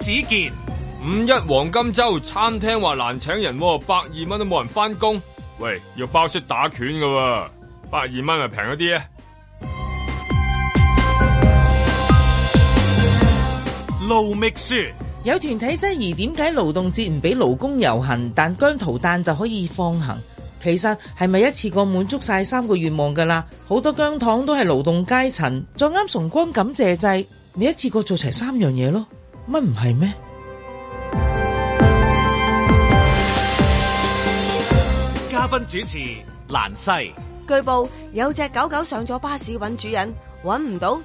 子健五一黃金周餐廳話難請人，百二蚊都冇人翻工。喂，要包識打拳嘅，百二蚊又平一啲啊。Low Mix 有團體質疑，點解勞動節唔俾勞工遊行，但姜濤誕就可以放行？其實係咪一次過滿足晒三個願望噶啦？好多姜糖都係勞動階層，再啱崇光感謝祭，咪一次過做齊三樣嘢咯。乜唔係咩？嘉賓主持蘭西，據報有隻狗狗上咗巴士揾主人，揾唔到，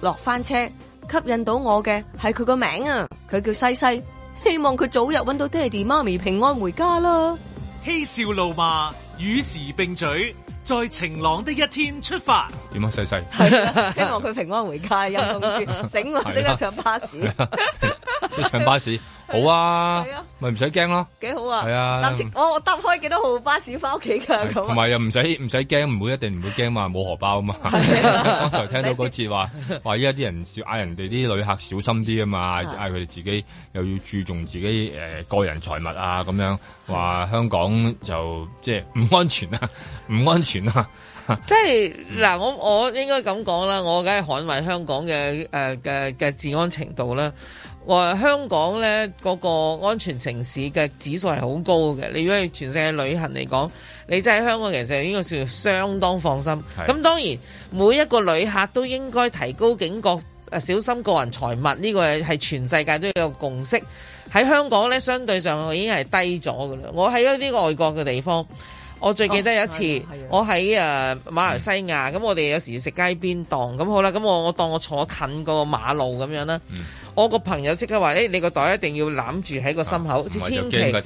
落翻車，吸引到我嘅係佢個名啊！佢叫西西，希望佢早日揾到爹哋媽咪平安回家啦！嬉笑怒罵，與時並舉。在晴朗的一天出發，點啊細細，係啊，希望佢平安回家。陰 公豬，醒啦，即 刻上巴士， 上巴士。 好啊，咪唔使驚咯，幾好啊！係啊，哦、我我搭開幾多號巴士翻屋企噶咁。同埋又唔使唔使驚，唔會一定唔會驚 嘛，冇荷包啊嘛。剛 才聽到嗰次話話，依家啲人要嗌人哋啲旅客小心啲啊嘛，嗌佢哋自己又要注重自己誒個人財物啊咁樣。話香港就即係唔安全啊，唔安全啊。 即係嗱、嗯，我我應該咁講啦，我梗係捍衛香港嘅誒嘅嘅治安程度啦。香港呢嗰個安全城市嘅指數係好高嘅，你如果係全世界旅行嚟講，你真係香港其實應該算相當放心。咁當然每一個旅客都應該提高警覺，小心個人財物呢、這個係全世界都有個共識。喺香港呢，相對上已經係低咗㗎啦。我喺一啲外國嘅地方，我最記得有一次，哦、我喺誒馬來西亞，咁、嗯、我哋有時食街邊檔，咁好啦，咁我我當我坐近個馬路咁樣啦。嗯我個朋友即刻話：誒、欸，你個袋一定要攬住喺個心口，啊、千祈啲。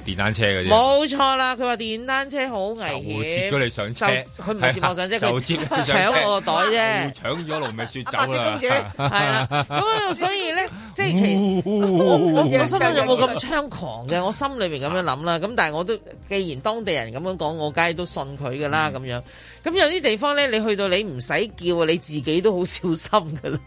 冇錯啦！佢話電單車好危險，接咗你上車，佢唔係接我上車，佢、啊、搶我個袋啫、啊，搶咗落咪雪走啦！係 啦、啊，咁、啊啊啊嗯嗯嗯、所以咧，即係其實、哦、我、嗯、我心裏有冇咁猖狂嘅？我心裏邊咁樣諗啦，咁、啊嗯、但係我都既然當地人咁樣講，我梗係都信佢噶啦咁樣。咁有啲地方咧，你去到你唔使叫，你自己都好小心噶啦。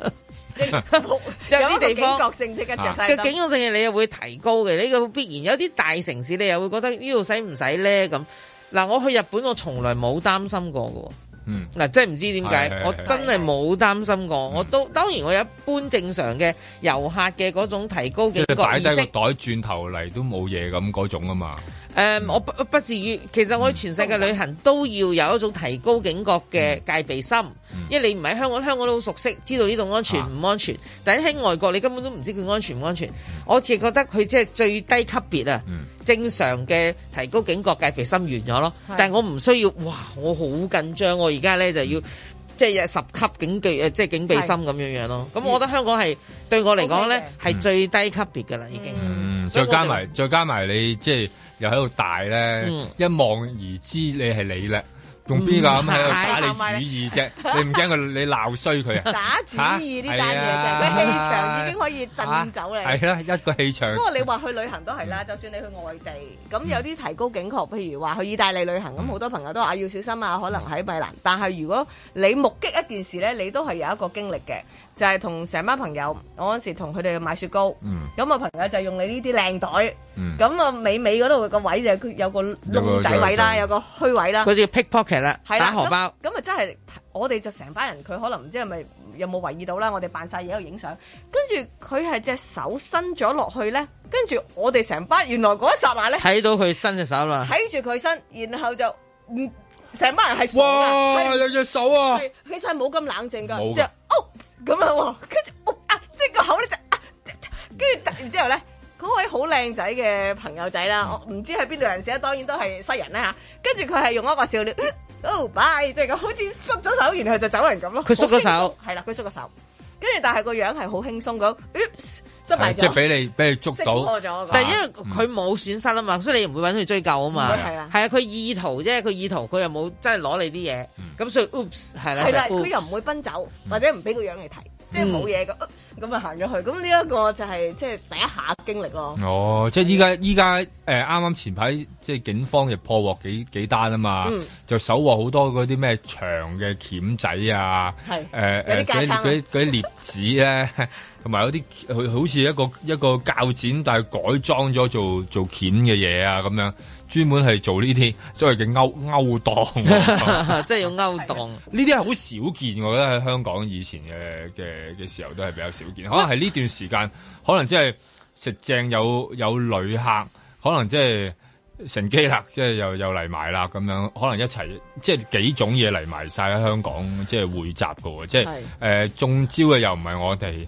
有啲地方嘅警用性嘅你又會提高嘅，呢個必然。有啲大城市，你又會覺得用用呢度使唔使咧咁。嗱，我去日本我從來冇擔心過嘅。嗯，嗱，即係唔知點解，我真係冇擔心過，是是是我都、嗯、當然，我有一般正常嘅遊客嘅嗰種提高警覺意識，就是、擺低個袋轉頭嚟都冇嘢咁嗰種啊嘛。誒、嗯嗯，我不不至於，其實我全世界旅行都要有一種提高警覺嘅戒備心，嗯嗯、因為你唔喺香港，香港都好熟悉，知道呢度安全唔、啊、安全。但喺外國你根本都唔知佢安全唔安全。我只係覺得佢即係最低級別啊、嗯，正常嘅提高警覺戒備心完咗咯。但係我唔需要，哇！我好緊張、啊。而家咧就要、嗯、即係十級警戒，即係警備心咁樣樣咯。咁我覺得香港係對我嚟講咧係最低級別㗎啦、嗯，已經。嗯，再加埋，再加埋，你即係又喺度大咧、嗯，一望而知你係你咧。用邊個咁喺度打你主意啫？你唔驚佢你鬧衰佢啊？打主意呢單嘢啫，個氣場已經可以震走你。係啦，一個氣場。不過你話去旅行都係啦，就算你去外地，咁有啲提高警覺，譬如話去意大利旅行，咁好多朋友都話要小心啊，可能喺米蘭。但係如果你目擊一件事咧，你都係有一個經歷嘅。就係同成班朋友，我嗰時同佢哋買雪糕。咁、嗯、我朋友就用你呢啲靚袋。咁、嗯、啊，尾尾嗰度個位就有個窿仔位啦，有個虛位啦。佢叫 pickpocket 啦，打荷包。咁啊，就真係我哋就成班人，佢可能唔知係咪有冇留意到啦。我哋扮晒嘢喺度影相，跟住佢係隻手伸咗落去咧，跟住我哋成班原來嗰一剎那咧睇到佢伸隻手啦，睇住佢伸，然後就唔成班人係哇，有隻手啊，其實係冇咁冷靜噶，咁啊，跟住、哦，啊，即係個口咧就，啊，跟住突然之後咧，嗰位好靚仔嘅朋友仔啦、嗯，我唔知係邊度人士咧，當然都係西人啦、啊、吓，跟住佢係用一個笑料，Oh、哦、bye，即係咁，好似縮咗手，然後就走人咁咯。佢縮咗手，係啦，佢縮咗手。跟住，但係個樣係好輕鬆咁，oops，即係俾你俾你捉到。那個、但係因為佢冇損失啊嘛、嗯，所以你唔會揾佢追究啊嘛。係啊，係啊，佢意圖啫，佢意圖佢又冇真係攞你啲嘢，咁、嗯、所以 oops，係啦。係啦，佢又唔會奔走，嗯、或者唔俾個樣嚟睇。即係冇嘢咁，咁啊行咗去。咁呢一個就係即係第一下經歷咯。哦，即係依家依家誒啱啱前排即係警方亦破獲幾，幾單啊嘛，嗯、就搜獲好多嗰啲咩長嘅鉗仔啊，誒誒嗰啲嗰啲鑷子咧、啊，同 埋有啲佢好似一個一個鉸剪，但係改裝咗做做鉗嘅嘢啊咁樣。專門係做呢啲所謂嘅勾勾當 即係要勾當。呢啲係好少見，我覺得喺香港以前嘅嘅嘅時候都係比較少見。可能係呢段時間，可能即係食正有有旅客，可能即係乘機啦，即係又又嚟埋啦咁樣。可能一齊即係幾種嘢嚟埋晒喺香港，即係匯集㗎喎。即係誒中招嘅又唔係我哋。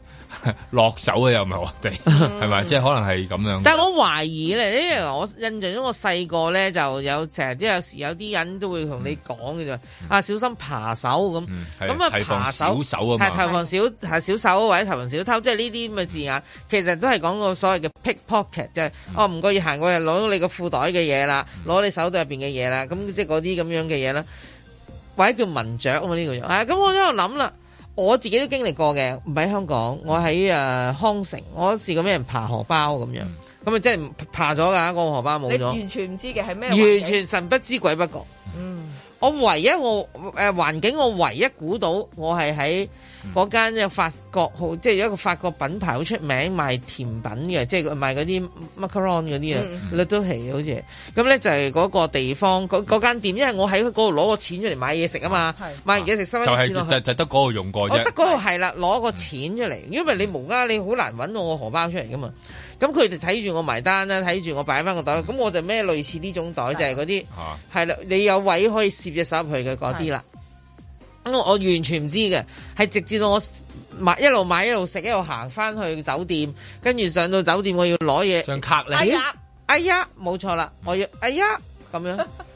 落 手嘅又唔係我哋，係咪？嗯。即係可能係咁樣。但係我懷疑咧，因為我印象中我細個咧就有成日都有時有啲人都會同你講嘅咋，啊小心扒手咁。咁啊扒手，係，嗯、提，提防小，係提防小，係小手或者提防小偷，即係呢啲咁嘅字眼。其實都係講個所謂嘅 pickpocket，即、就、係、是嗯、哦唔好意行過去攞到你個褲袋嘅嘢啦，攞你手袋入邊嘅嘢啦。咁即係嗰啲咁樣嘅嘢啦，或者叫文雀、這個、啊呢個樣。咁我都有諗啦。我自己都經歷過嘅，唔喺香港，我喺誒、呃、康城，我試過咩人爬荷包咁樣，咁啊真係爬咗㗎，嗰個荷包冇咗，完全唔知嘅係咩，完全神不知鬼不覺，嗯。我唯一我誒、呃、環境，我唯一估到我係喺嗰間法國好、嗯，即係一個法國品牌好出名賣甜品嘅，即係賣嗰啲 macaron 嗰啲啊，little 好似。咁、嗯、咧就係嗰個地方嗰、嗯、間店，因為我喺嗰度攞個錢出嚟買嘢食啊嘛，買完嘢食收就係就得嗰度用過啫，得嗰度係啦，攞個錢出嚟，因為你無啦，你好難搵到我荷包出嚟噶嘛。咁佢哋睇住我埋單啦，睇住我擺翻個袋，咁、嗯、我就咩類似呢種袋，就係嗰啲係啦，你有位可以攝隻手入去嘅嗰啲啦。咁我完全唔知嘅，係直至到我一買一路買一路食一路行翻去酒店，跟住上到酒店我要攞嘢上客嚟。哎呀，哎呀，冇、哎、錯啦、嗯，我要哎呀咁樣。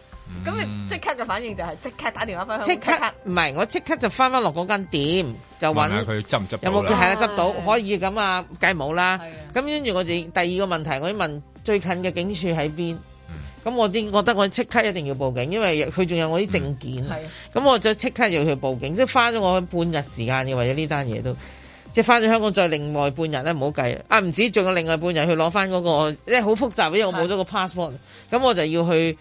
咁、嗯、你即刻嘅反應就係即刻打電話翻香港。即刻唔係，我即刻就翻翻落嗰間店，就搵佢執唔執到有冇？係啦，執到可以咁啊，計冇啦。咁跟住我哋，第二個問題，我問最近嘅警署喺邊。咁我覺得我即刻一定要報警，因為佢仲有我啲證件。咁我就即刻要去報警，即係花咗我半日時間嘅，或者呢單嘢都即係花咗香港再另外半日咧，唔好計。啊，唔止仲有另外半日去攞翻嗰個，即係好複雜，因為我冇咗個 passport。咁我就要去。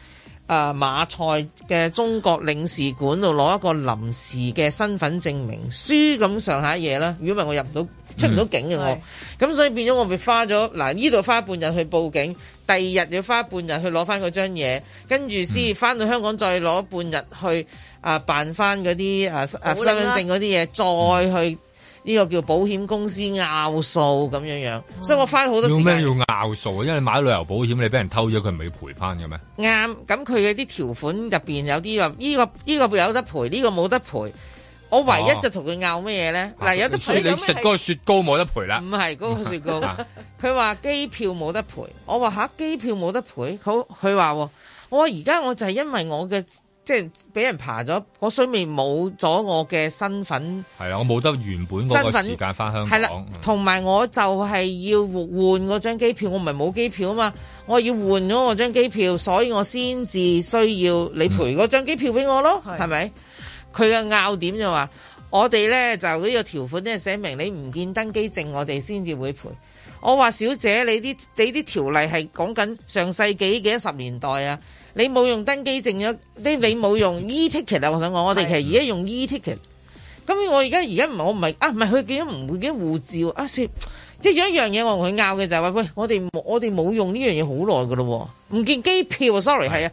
啊！馬賽嘅中國領事館度攞一個臨時嘅身份證明書咁上下嘢啦，如果唔係我入唔到、出唔到境嘅我，咁、嗯、所以變咗我咪花咗嗱呢度花半日去報警，第二日要花半日去攞翻嗰張嘢，跟住先翻到香港再攞半日去啊辦翻嗰啲啊啊、嗯、身份證嗰啲嘢，再去。呢、這個叫保險公司拗數咁樣樣、嗯，所以我花咗好多時間有咩要，要拗數啊？因為你買旅遊保險，你俾人偷咗，佢唔係要賠翻嘅咩？啱，咁佢嘅啲條款入邊有啲話，呢、這個呢、這個有得賠，呢、這個冇得賠。我唯一就同佢拗咩嘢咧？嗱、啊，有得賠你食嗰個雪糕冇得賠啦，唔係嗰個雪糕。佢 話機票冇得賠，我話吓、啊、機票冇得賠，好，佢話我而家我就係因為我嘅。即係俾人爬咗，我雖然冇咗我嘅身、身份。係啊，我冇得原本嗰個時間翻香港。係啦，同、嗯、埋我就係要換嗰張機票，我唔係冇機票啊嘛，我要換咗我張機票，所以我先至需要你賠嗰張機票俾我咯，係 咪？佢嘅拗點就話，我哋呢，就呢個條款係寫明，你唔見登機證，我哋先至會賠。我話小姐，你啲你啲條例係講緊上世紀幾多十年代啊？你冇用登機證咗，即你冇用 e-ticket、e、啊！我想講，我哋其實而家用 e-ticket，咁我而家而家唔，我唔係啊，唔係佢點唔會嘅護照啊？即係有一樣嘢我同佢拗嘅就係、是、話，喂，我哋我哋冇用呢樣嘢好耐噶咯，唔見機票，sorry，係啊，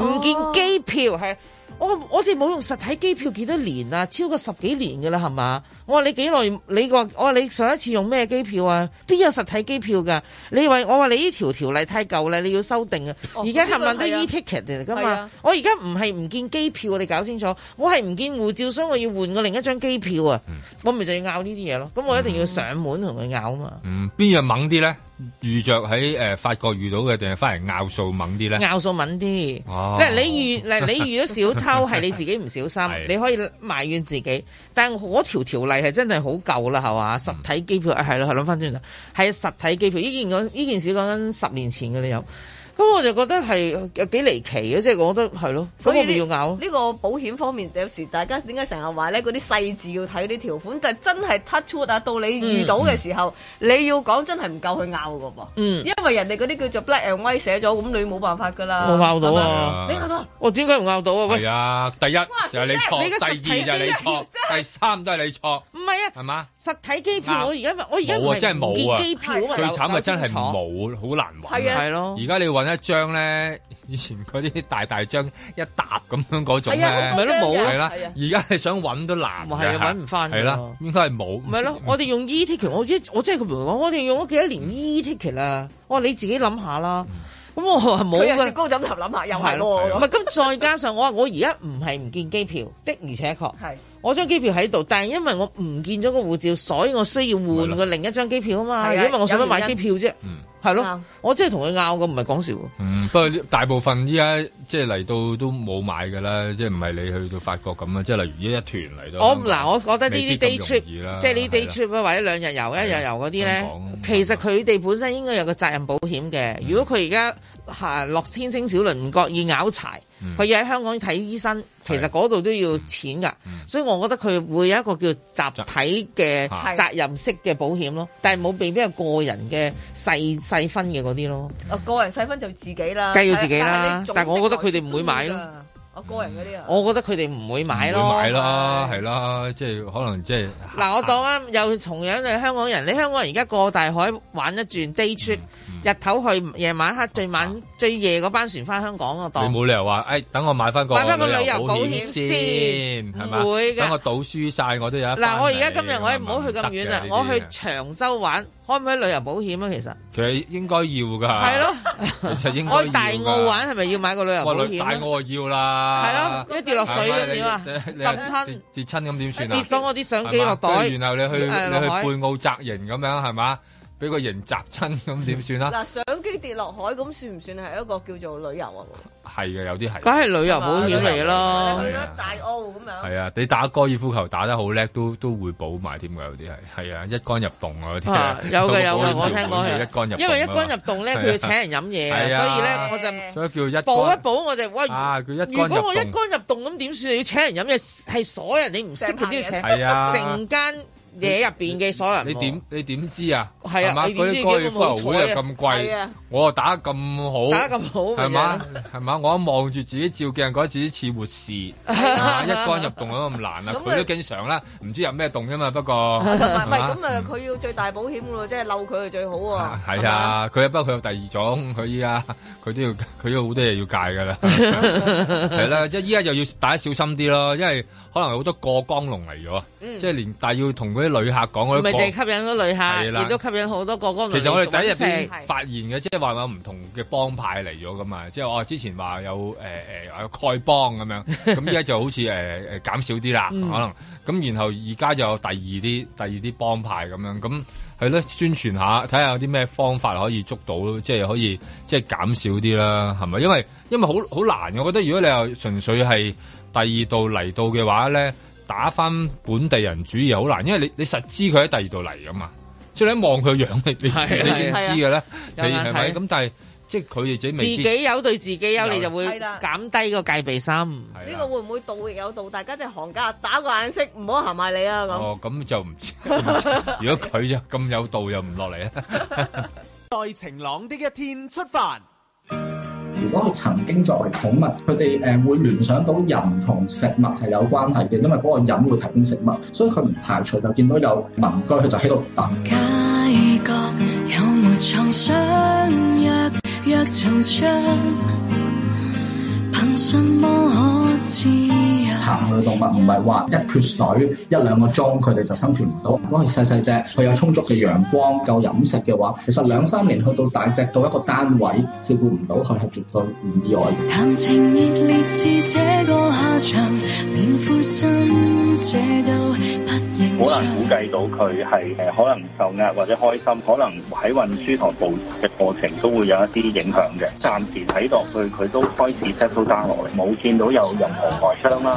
唔、哦、見機票係。我我哋冇用實體機票幾多年啦，超過十幾年㗎啦，係嘛？我話你幾耐？你個我話你上一次用咩機票啊？邊有實體機票噶？你話我話你呢條條例太舊啦，你要修訂啊！而家冚唪唥都 e ticket 嚟，哦、㗎、這個、嘛！啊、我而家唔係唔見機票，我哋搞清楚，我係唔見護照，所以我要換個另一張機票啊、嗯！我咪就要拗呢啲嘢咯，咁我一定要上門同佢拗啊嘛！嗯，邊樣猛啲咧？遇着喺誒法國遇到嘅，定係翻嚟拗數猛啲咧？拗數猛啲，即係你遇，嗱 你遇到小偷係你自己唔小心，你可以埋怨自己。但係嗰條條例係真係好舊啦，係嘛？實體機票係咯，諗翻轉頭係實體機票呢件講，呢件事講緊十年前嘅你有。咁我就覺得係有幾離奇嘅，即係我覺得係咯。咁我哋要拗呢個保險方面，有時大家點解成日話咧？嗰啲細字要睇嗰啲條款，就係真係 touch wood 啊！到你遇到嘅時候，嗯、你要講真係唔夠去拗㗎噃。嗯，因為人哋嗰啲叫做 black and white 寫咗，咁你冇辦法噶啦。冇拗到啊！啊你拗到我點解唔拗到啊？喂，啊！第一就係你錯，第二就係你錯，第三都係你錯。係嘛？實體機票我而家我而家真係冇機票，最慘咪真係冇，好難搵。係啊，而家、啊啊啊啊、你搵一張咧，以前嗰啲大大張一沓咁樣嗰種唔咪、啊、都冇啦、啊。而家係想搵都難，係啊，搵唔翻。係啦、啊啊啊，應該係冇。唔咪咯，我哋用 e ticket，我一我真係佢唔講，我哋用咗幾多年 e ticket 啦、啊。我話你自己諗下啦，咁、嗯、我係冇嘅。高枕頭諗下又係咯，咁咪咁再加上我，我而家唔係唔見機票的確，而且確係。我張機票喺度，但係因為我唔見咗個護照，所以我需要換個另一張機票啊嘛。係啊，因為我想買機票啫。嗯，係、嗯、咯、嗯，我真係同佢拗過，唔係講笑。嗯，不過大部分依家，即係嚟到都冇買噶啦，即係唔係你去到法國咁啊，即係例如一一團嚟到。我嗱，我覺得呢啲 day trip，即係你 day trip 啊，或者兩日遊、一日遊嗰啲咧，其實佢哋本身應該有個責任保險嘅、嗯。如果佢而家。嚇落天星小輪唔覺意拗柴，佢、嗯、要喺香港睇醫生，其實嗰度都要錢噶、嗯，所以我覺得佢會有一個叫集體嘅責任式嘅保險咯，但係冇未必係個人嘅細細分嘅嗰啲咯。誒個人細分就自己啦，梗要自己啦。但係我覺得佢哋唔會買咯。我個人嗰啲啊，我覺得佢哋唔會買咯。會買啦，係啦，即係可能即係嗱，我當啱又同樣嘅香港人，你香港人而家過大海玩一轉 day trip、嗯。日頭去，夜晚黑最晚最夜嗰班船翻香港嗰度，你冇理由話，誒，等我買翻個買翻個旅遊保險先，係嘛？等我賭輸晒，我都有。嗱，我而家今日我唔好去咁遠啦，我去長洲玩，可唔可以旅遊保險啊？其實其實應該要噶。係咯，我去大澳玩係咪要買個旅遊保險？大澳要啦。係咯，一跌落水咁點啊？浸親跌親咁點算啊？跌咗我啲相機落袋。然後你去你去貝澳紮營咁樣係嘛？俾個人砸親咁點算啦？嗱，相機跌落海咁算唔算係一個叫做旅遊啊？係啊，有啲係。梗係旅遊保險嚟咯，大澳咁樣。係啊，你打高爾夫球打得好叻，都都會保埋添㗎，有啲係。係啊，一杆入洞啊嗰啲。有嘅有，我聽過。一入因為一杆入洞咧、啊，佢要請人飲嘢，所以咧我就。所以叫一。保一保我就，補補、啊、補補我就喂。啊！佢一如果我一杆入洞咁點算？要請人飲嘢，係所有人你唔識佢都要請。係啊。成間。嘢入邊嘅所有你點你點知啊？係啊，嗰啲、啊、高爾夫會又咁貴，啊、我又打得咁好，打得咁好，係嘛係嘛？我一望住自己照鏡覺得自己似活士、 啊，一桿入洞都咁難啊。佢 都經常啦，唔知入咩洞啫嘛？不過，唔係唔係，今日佢要最大保險喎，即係嬲佢就最好喎。係啊，佢啊，啊，不過佢有第二種，佢依家佢都要佢要好多嘢要戒㗎啦。係 啦、 啊，即係依家又要打得小心啲咯，因為。可能有好多過江龍嚟咗，即係連但係要同嗰啲旅客講，佢咪淨係吸引咗旅客，亦都吸引好多過江龍。其實我哋第一日發現嘅，即係話有唔同嘅幫派嚟咗咁嘛。即係我之前話有誒誒有丐幫咁樣，咁依家就好似誒誒減少啲啦，嗯、可能咁。然後而家就有第二啲第二啲幫派咁樣，咁係咯，宣傳下睇下有啲咩方法可以捉到咯，即係可以即係減少啲啦，係咪？因為因為好好難，我覺得如果你又純粹係。第二度嚟到嘅話咧，打返本地人主意好難，因為你你實知佢喺第二度嚟噶嘛，即係你一望佢樣，你你你先知嘅咧，你係咪？咁但係即係佢自己自己有對自己有，你就會減低個戒備心。呢個會唔會道亦有道？大家即係行家打個眼色，唔好行埋你啊！咁哦，咁就唔知道。咁唔知道 如果佢就咁有道又唔落嚟啊！再 晴 朗啲嘅天出發。如果佢曾經作為寵物，佢哋誒會聯想到人同食物係有關係嘅，因為嗰個人會提供食物，所以佢唔排除就見到有民居，佢就喺度等。爬行類動物唔係話一缺水一兩個鐘佢哋就生存唔到。如果係細細隻，佢有充足嘅陽光、夠飲食嘅話，其實兩三年去到大隻到一個單位照顧唔到佢係絕對唔意外。好難估計到佢係誒可能受壓或者開心，可能喺運輸同步嘅過程都會有一啲影響嘅。暫時睇落去佢都開始 settle down 落嚟，冇見到有任何外傷啦。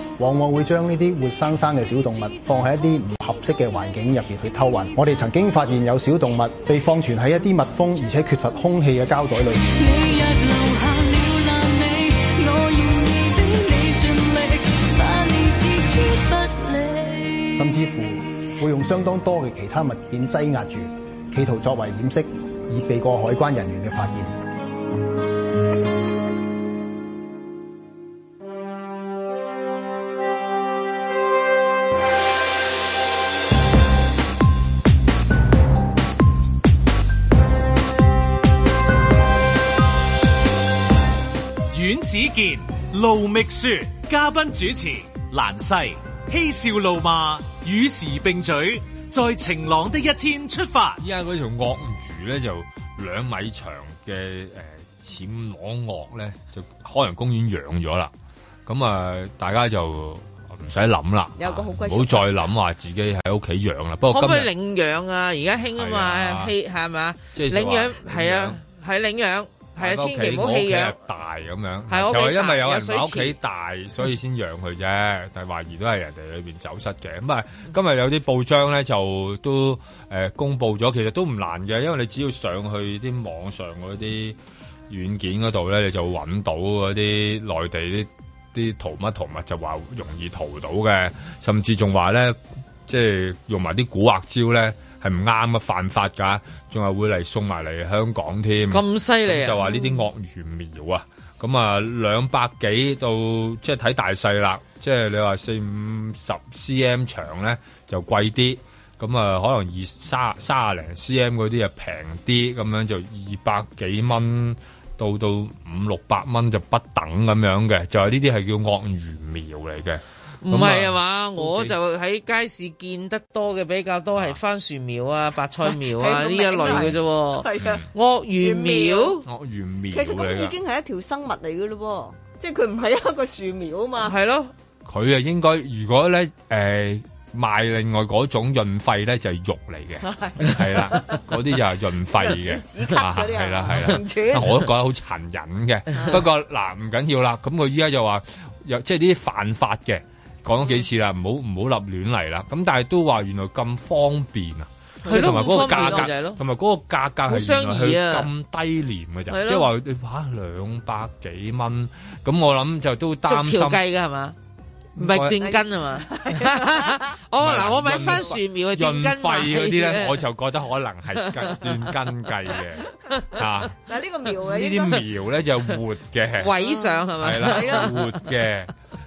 往往會將呢啲活生生嘅小動物放喺一啲唔合適嘅環境入邊去偷運。我哋曾經發現，有小動物被放存喺一啲密封而且缺乏空氣嘅膠袋裏，甚至乎會用相當多嘅其他物件擠壓住，企圖作為掩飾，以避過海關人員嘅發現。阮子健、盧覓雪，嘉賓主持蘭西、嬉笑怒罵，與時並舉，在晴朗的一天出發。而家嗰條鱷魚咧，就兩米長嘅誒，暹羅鱷咧，就海洋公園養咗啦。咁啊、呃，大家就唔使諗啦，唔好、啊、再諗話自己喺屋企養啦。不過可唔可以領養啊？而家興啊嘛，係咪啊？領養係啊，係、啊就是、領養。領屋企屋企大咁樣，係就係、係、因為有人屋企大，所以先養佢啫。但係懷疑都係人哋裏邊走失嘅。咁啊，今日有啲報章咧就都誒公佈咗，其實都唔難嘅，因為你只要上去啲網上嗰啲軟件嗰度咧，你就搵到嗰啲內地啲啲淘乜淘物，圖物就話容易淘到嘅，甚至仲話咧，即、就、係、係、用埋啲古惑招咧。係唔啱啊！犯法㗎，仲係會嚟送埋嚟香港添。咁犀利啊！就話呢啲鱷魚苗啊，咁啊兩百幾到，即係睇大細啦。即係你話四五十 cm 長咧，就貴啲。咁啊，可能二三三廿零 cm 嗰啲啊平啲，咁樣就二百幾蚊到到五六百蚊就不等咁樣嘅。就係呢啲係叫鱷魚苗嚟嘅。唔係啊嘛，我就喺街市見得多嘅比較多係番薯苗啊，啊、白菜苗啊呢、啊、一類嘅啫喎。係啊、嗯，鱷魚苗，鱷魚苗。其實咁已經係一條生物嚟嘅咯喎，即係佢唔係一個樹苗啊嘛。係咯，佢啊應該如果咧、呃、賣另外嗰種潤肺咧就係、是、肉嚟嘅， 啊、係啦，嗰啲就係潤肺嘅。係啦係啦，我都覺得好殘忍嘅，不過嗱唔緊要啦，咁佢依家就話又即係啲犯法嘅。講咗幾次啦，唔好唔好立亂嚟啦。咁但係都話原來咁方便，即方便啊，同埋嗰個價格，同埋嗰個價格係原來咁低廉嘅就，即係話你哇兩百幾蚊，咁我諗就都擔心計嘅係嘛，唔係斷根啊嘛。哎、 哦嗱，我買翻樹苗，嘅費嗰啲咧，斷呢 我就覺得可能係斷根計嘅。嗱呢個苗，苗呢啲苗咧就活嘅，鬼上係咪？係啦， 活嘅。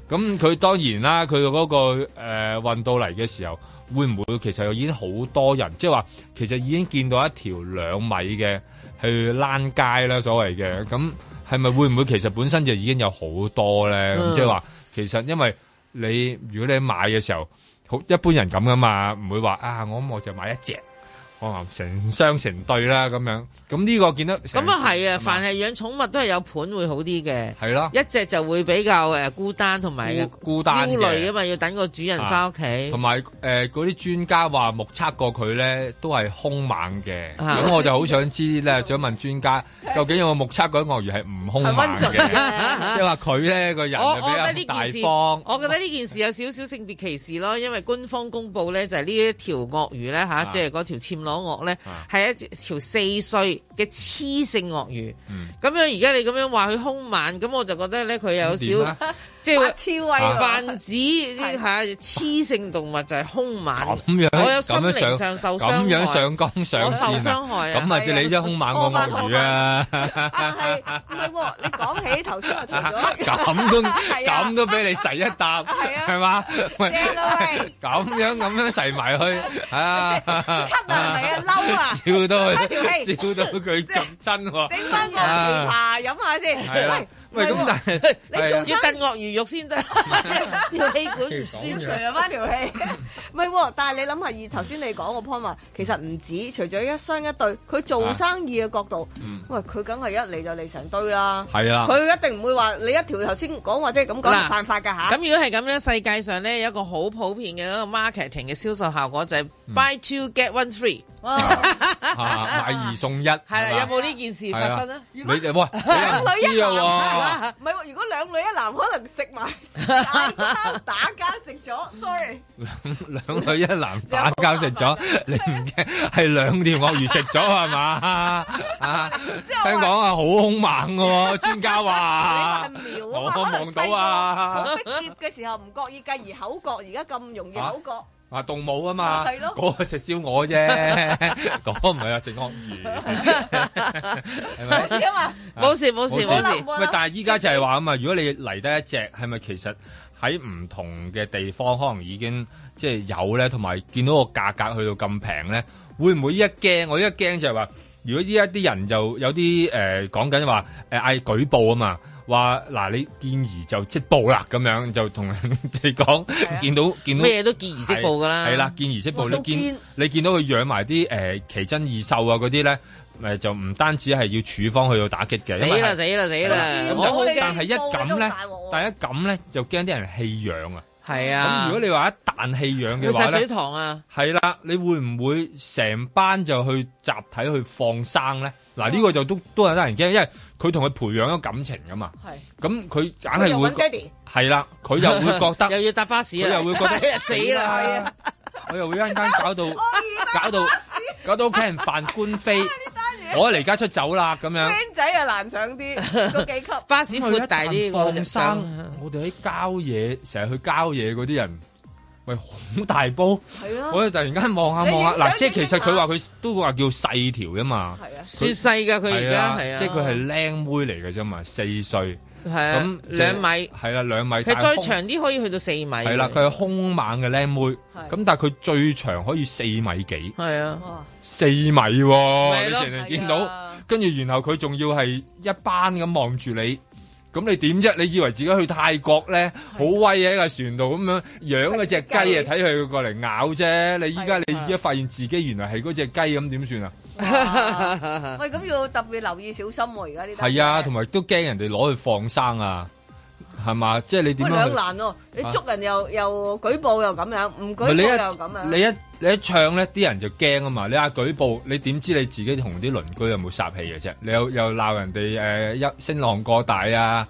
咁佢當然啦，佢嗰、嗰個運、呃、運到嚟嘅時候，會唔會其實已經好多人？即係話其實已經見到一條兩米嘅去欄街啦，所謂嘅咁，係咪會唔會其實本身就已經有好多咧？咁、嗯、即係話其實因為你如果你買嘅時候，好一般人咁噶嘛，唔會話啊，我我就買一隻。哦、成雙成對啦，咁樣咁呢、呢個見得咁啊，係啊！凡係養寵物都係有伴會好啲嘅，係咯，一隻就會比較誒孤單同埋嘅焦慮噶嘛，要等個主人翻屋企。同埋誒嗰啲專家話，目測過佢咧都係兇猛嘅。咁、啊、我就好想知咧， 想問專家，究竟有冇目測嗰啲鱷魚係唔兇猛嘅？即係話佢咧個人比較大方，我，我覺得呢件，件事，我覺得呢件事有少少性別歧視咯，因為官方公佈咧就係呢一條鱷魚咧吓、啊啊，即係嗰條籤咯我、啊、咧，係一條四歲嘅雌性鱷魚，咁、嗯、樣而家你咁樣話佢兇猛，咁我就覺得咧佢有少、啊、即係泛指啲係啊雌性動物就係兇猛樣，我有心靈上受傷害，咁樣，樣上崗上線，我受傷害啊，咁咪就你隻兇猛個鱷魚啊，唔係你講起頭先我錯咗，咁都咁都俾你噬一啖，係啊，係嘛、 啊，正啦、啊、喂，咁 樣咁樣噬埋去，係 啊，嬲啊，啊，笑到, 笑到佢。 佢咁真整翻個枇杷飲下先喂。 咁但係你仲要得鱷魚肉先得？條 氣管算、啊，除啊翻條氣。唔係喎，但係你諗下，以頭先你講個 point 啊， 其實唔止，除咗一雙一對，佢做生意嘅角度，喂、啊，佢梗係一嚟就嚟成堆啦。係啊，佢、啊、一定唔會話你一條頭先講或者咁講唔犯法㗎吓。咁、啊、如果係咁樣，世界上咧有一個好普遍嘅一個 marketing 嘅銷售效果就係 buy two get one free，、啊 啊、買二送一。係啦、啊啊，有冇呢件事發生啊？你哋哇，女、呃 唔係，如果兩女一男可能食埋打交食咗，sorry。兩兩女一男打交食咗，你唔驚？係兩條鱷魚食咗係嘛？啊！聽講啊，好凶猛噶，專家話。我可能望到啊！我畢業嘅時候唔覺意繼而口角，而家咁容易口角。武那個、 啊，動物啊嘛，我食燒鵝啫，我唔係啊食鱷魚，係咪冇事啊嘛？冇事冇事，冇事。喂，但係依家就係話啊嘛，如果你嚟得一隻，係咪其實喺唔同嘅地方可能已經即係有咧，同埋見到個價格去到咁平咧，會唔會一驚？我一驚就係話。如果依家啲人就有啲誒講緊話，誒嗌舉報啊嘛，話嗱你見兒就即報啦，咁樣就同你講，見到見到咩都見兒即報噶啦，係啦，見兒即報，你見你見到佢養埋啲誒奇珍異獸啊嗰啲咧，誒就唔單止係要處方去到打擊嘅，死啦死啦死啦、啊！但係一咁咧、啊，但係一咁咧就驚啲人棄養啊！係啊，咁、嗯、如果你話一旦棄養嘅話咧，去晒水塘啊，係啦、啊，你會唔會成班就去集體去放生咧？嗱、嗯、呢、啊，這個就都都係得人驚，因為佢同佢培養咗感情噶嘛。係，咁佢硬係會，係啦，佢，啊啊又，啊、又會覺得又要搭巴士，佢又會覺得死啦，我，啊啊、又會一陣間搞到 搞到搞到屋企 人犯官非。 我都離家出走啦，咁樣。僆仔又難上啲，都幾級。巴士闊大啲， 我哋喺郊野，成日去郊野嗰啲人，喂好大煲。係啊、我哋突然間望下望下，嗱，即係其實佢話佢都會話叫細條㗎嘛。係啊。説細㗎佢而家。係啊，即係佢係靚妹嚟嘅啫嘛，四歲。係咁、啊、兩米，係啦、啊、兩米，佢再長啲可以去到四米。係啦、啊，佢係兇猛嘅僆妹，咁、啊、但係佢最長可以四米幾。係啊，四米喎、哦啊，你成日見到，跟住、啊、然後佢仲要係一班咁望住你，咁你點啫？你以為自己去泰國咧好、啊、威喺個船度咁樣養一隻雞啊？睇佢過嚟咬啫。你依家你依家發現自己原來係嗰隻雞咁點算啊？喂，咁要特別留意小心喎、啊啊，而家呢啲。係啊，同埋都驚人哋攞去放生啊，係嘛？即係你點樣？兩難喎。你捉人又、啊、又,又舉報又咁樣，唔舉報又咁啊！你一你一唱咧，啲人就驚啊嘛！你話舉報，你點知你自己同啲鄰居有冇煞氣嘅啫？你又又鬧人哋誒一聲浪過大啊，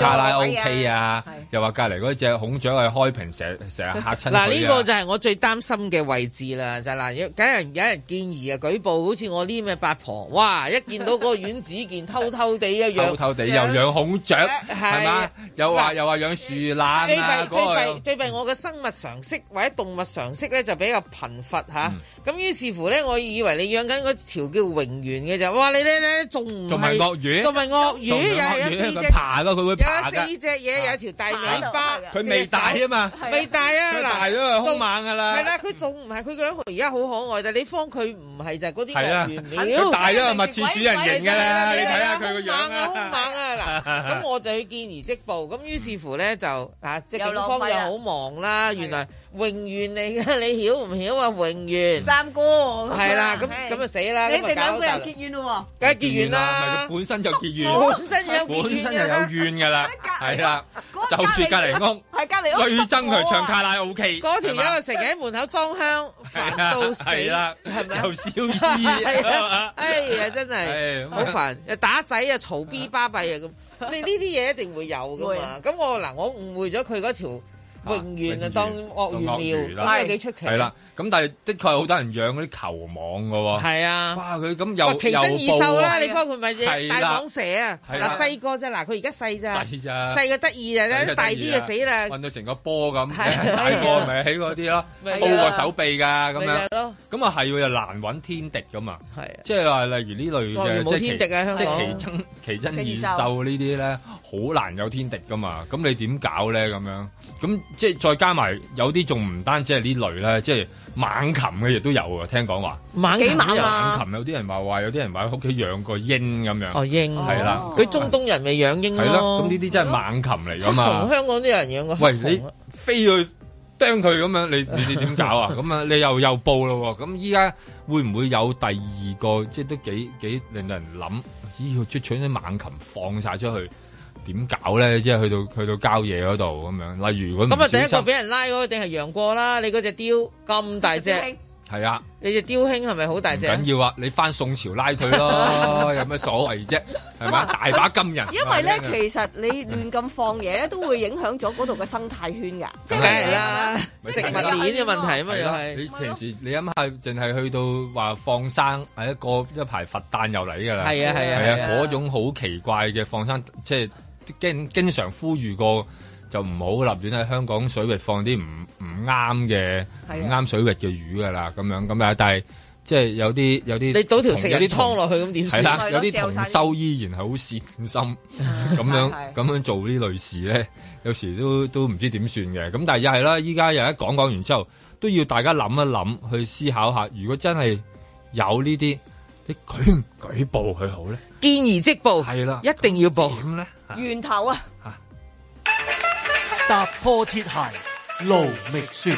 卡拉 OK 啊，又話隔離嗰隻孔雀係開屏成成日嚇親、啊。嗱、啊，呢、呢個就係我最擔心嘅位置啦！就嗱，梗有人有人建議啊，舉報好似我啲咩八婆，哇！一見到個阮子健 偷偷地一樣，偷偷地又養孔雀係嘛？又話又話養樹懶啊！啊啊啊啊最弊最弊，我嘅生物常識或者動物常識咧就比較貧乏吓，咁於是乎咧，我以為你養緊嗰條叫蠑螈嘅就，哇你咧咧仲唔係鱷魚，仲唔係鱷魚，有一隻爬嘅，佢會有四隻嘢，有一條大尾巴，佢未大啊嘛，未大啊，大咗就凶猛噶啦，係啦，佢仲唔係，佢嘅樣而家好可愛，但你方佢唔係就係嗰啲蠑螈了，大咗係類似主人型嘅，你睇下佢個樣啊，兇猛啊，兇猛啊，嗱，咁我就去見而即捕，咁於是乎咧就啊即。警方又好忙啦，原來。永遠嚟噶，你曉唔曉啊？永遠三哥，係啦，咁咁啊死啦！你哋兩個人結怨嘞喎，梗係結怨啦，本身就結怨，本身就結怨嘅啦，係啦，就住隔籬屋，係隔籬屋最憎佢唱卡拉 OK，嗰條友成日喺門口裝香，煩到死，係咪又燒煙？係啊，哎呀，真係好煩，又打仔，又嘈 B 巴閉啊咁，你呢啲嘢一定會有噶嘛？咁我嗱，我誤會咗佢嗰條。永遠就當鱷魚苗，咁有幾出奇？係啦，咁但係的確係好多人養嗰啲球蟒嘅喎。係啊，哇！佢咁又奇珍異獸啦，你包括咪隻大蟒蛇啊？嗱細個啫，嗱佢而家細咋細咋，細個得意啫，大啲就死啦。彎到成個波咁，大個咪起嗰啲咯，暴過手臂㗎咁樣。咁啊係喎，又難揾天敵㗎嘛。係啊，即係話例如呢類冇天敵啊，即係奇珍奇珍異獸呢啲咧，好難有天敵㗎嘛。咁你點搞咧咁樣？咁即係再加埋有啲仲唔單止係呢類咧，即係猛禽嘅亦都有啊！聽講話，猛禽有啲人話話，有啲人話喺屋企養個鷹咁樣哦，鷹係啦，佢、哦、中東人咪養鷹咯、啊。係咯，咁呢啲真係猛禽嚟㗎嘛。同 香港啲人養個。喂，你飛去釘佢咁樣，你你點搞啊？咁啊，你又又暴咯喎！咁依家會唔會有第二個即係都幾幾令人諗。咦、哎？佢出搶啲猛禽放晒出去。點搞咧？即係去到去到郊野嗰度咁樣。例如，咁啊，第一個俾人拉嗰定係楊過啦？你嗰隻雕咁大隻，啊大隻係啊，你隻雕兄係咪好大隻？緊要啊！你翻宋朝拉佢咯， 有咩所謂啫、啊？係嘛，大把金人。因為咧，其實你亂咁放嘢咧，都會影響咗嗰度嘅生態圈㗎。梗係啦，食、啊啊、物鏈嘅問題啊嘛，又係、啊。你平時你諗下，淨係去到話放生，係一個一排佛誕又嚟㗎啦。係啊係啊，係啊，嗰種好奇怪嘅放生，即係、啊。經經常呼籲過，就唔好立亂喺香港水域放啲唔唔啱嘅唔啱水域嘅魚噶啦咁樣咁啊但係即係有啲有啲你倒條食有啲湯落去咁點算？係啦，有啲同修依然係好善心咁、嗯、樣，咁樣做呢類事咧，有時都都唔知點算嘅，咁但係又係啦，依家，又一講，講完之後都要大家諗一諗，去思考下，如果真係有呢啲你舉唔舉報佢好咧？見而即報，係啦，一定要報。咁咧，源頭啊，啊，踏破鐵鞋路未熟。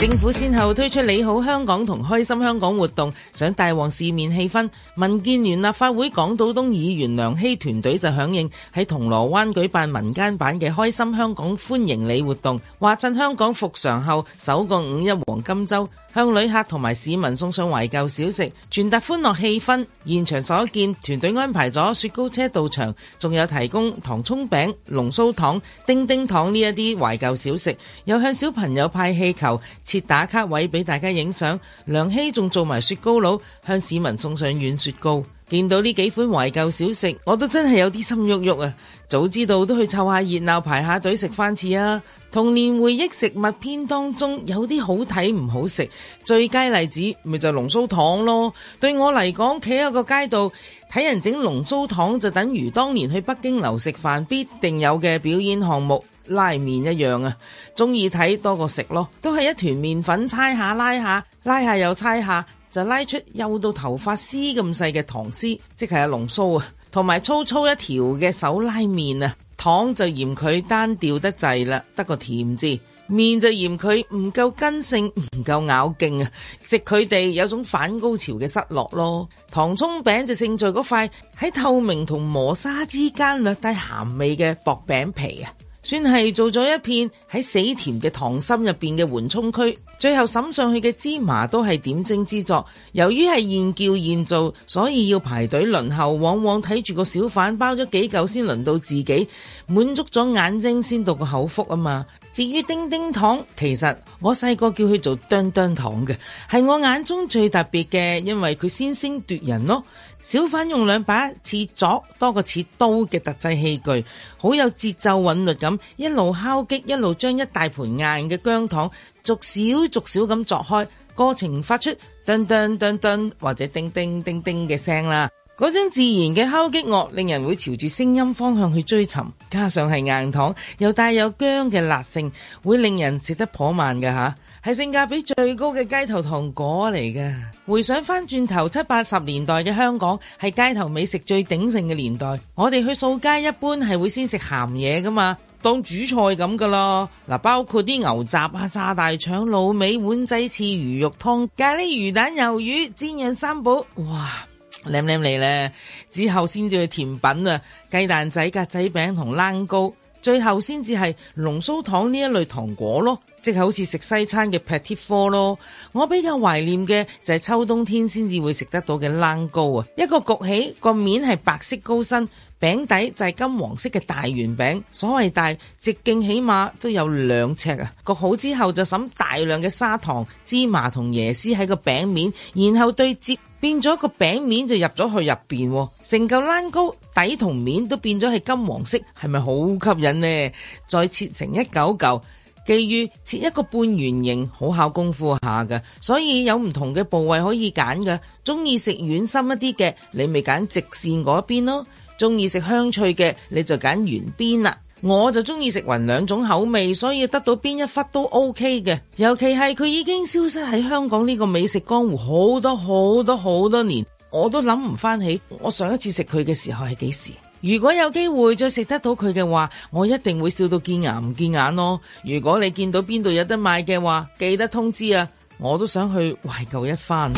政府先後推出你好香港同開心香港活動，想大旺市面氣氛。民建聯立法會港島東議員梁熙團隊就響應，喺銅鑼灣舉辦民間版嘅開心香港歡迎你活動，話趁香港復常後首個五一黃金周。向旅客同埋市民送上懷舊小食，傳達歡樂氣氛。現場所見，團隊安排咗雪糕車到場，仲有提供糖葱餅、龍鬚糖、丁丁糖呢一啲懷舊小食，又向小朋友派氣球，設打卡位俾大家影相。梁希仲做埋雪糕佬，向市民送上軟雪糕。見到呢幾款懷舊小食，我都真係有啲心郁郁啊！早知道都去湊下熱鬧，排下隊食翻次啊！童年回憶食物篇當中有啲好睇，唔好食，最佳例子咪就係龍鬚糖咯。對我嚟講，企喺個街道睇人整龍鬚糖，就等於當年去北京樓食飯必定有嘅表演項目拉麵一樣啊！中意睇多過食咯，都係一團麵粉搓下拉下拉下又搓下，就拉出幼到頭髮絲咁細嘅糖絲，即係阿龍鬚啊！同埋粗粗一條嘅手拉麵啊，糖就嫌佢單調得滯啦，得個甜字；麵就嫌佢唔夠根性，唔夠咬勁啊！食佢哋有種反高潮嘅失落咯。糖葱餅就勝在嗰塊喺透明同磨砂之間略帶鹹味嘅薄餅皮啊！算係做咗一片喺死甜嘅糖心入邊嘅緩衝區，最後滲上去嘅芝麻都係點睛之作。由於係現叫現做，所以要排隊輪候，往往睇住個小販包咗幾嚿先輪到自己，滿足咗眼睛先到個口福啊嘛。至於叮叮糖，其實我細個叫佢做啄啄糖嘅，係我眼中最特別嘅，因為佢先聲奪人咯。小販用兩把似鑿多過似刀嘅特製器具，好有節奏韻律咁一路敲擊，一路將一大盤硬嘅薑糖逐少逐少咁鑿開，過程發出噔噔噔噔或者叮叮叮叮嘅聲啦。嗰種自然嘅敲擊樂，令人會朝住聲音方向去追尋。加上係硬糖，又帶有薑嘅辣性，會令人食得頗慢嘅吓。係性價比最高嘅街頭糖果嚟噶。回想翻轉頭七八十年代嘅香港，係街頭美食最鼎盛嘅年代。我哋去掃街一般係會先食鹹嘢噶嘛，當主菜咁噶咯。嗱，包括啲牛雜啊、炸大腸、鹵味、碗仔翅、魚肉湯、咖喱魚蛋、魷魚、煎釀三寶，哇，舐舐嚟咧。之後先至去甜品啊，雞蛋仔、格仔餅同冷糕。最後先至係龍鬚糖呢一類糖果咯，即係好似食西餐嘅 petit four 咯。我比較懷念嘅就係秋冬天先至會食得到嘅冷糕啊，一個焗起個面係白色高身。餅底就係金黃色嘅大圓餅，所謂大，直徑起碼都有兩尺啊！焗好之後就滲大量嘅砂糖、芝麻同椰絲喺個餅面，然後對折變咗個餅面就入咗去入邊，成嚿冷糕底同面都變咗係金黃色，係咪好吸引呢？再切成一嚿嚿，基於切一個半圓形好考功夫一下噶，所以有唔同嘅部位可以揀噶，中意食軟心一啲嘅，你咪揀直綫嗰邊咯。中意食香脆嘅你就揀圓邊啦，我就中意食匀兩種口味，所以得到邊一忽都 OK 嘅。尤其係佢已經消失喺香港呢個美食江湖好多好多好多年，我都諗唔翻起我上一次食佢嘅時候係幾時。如果有機會再食得到佢嘅話，我一定會笑到見牙唔見眼咯。如果你見到邊度有得賣嘅話，記得通知啊，我都想去懷舊一番。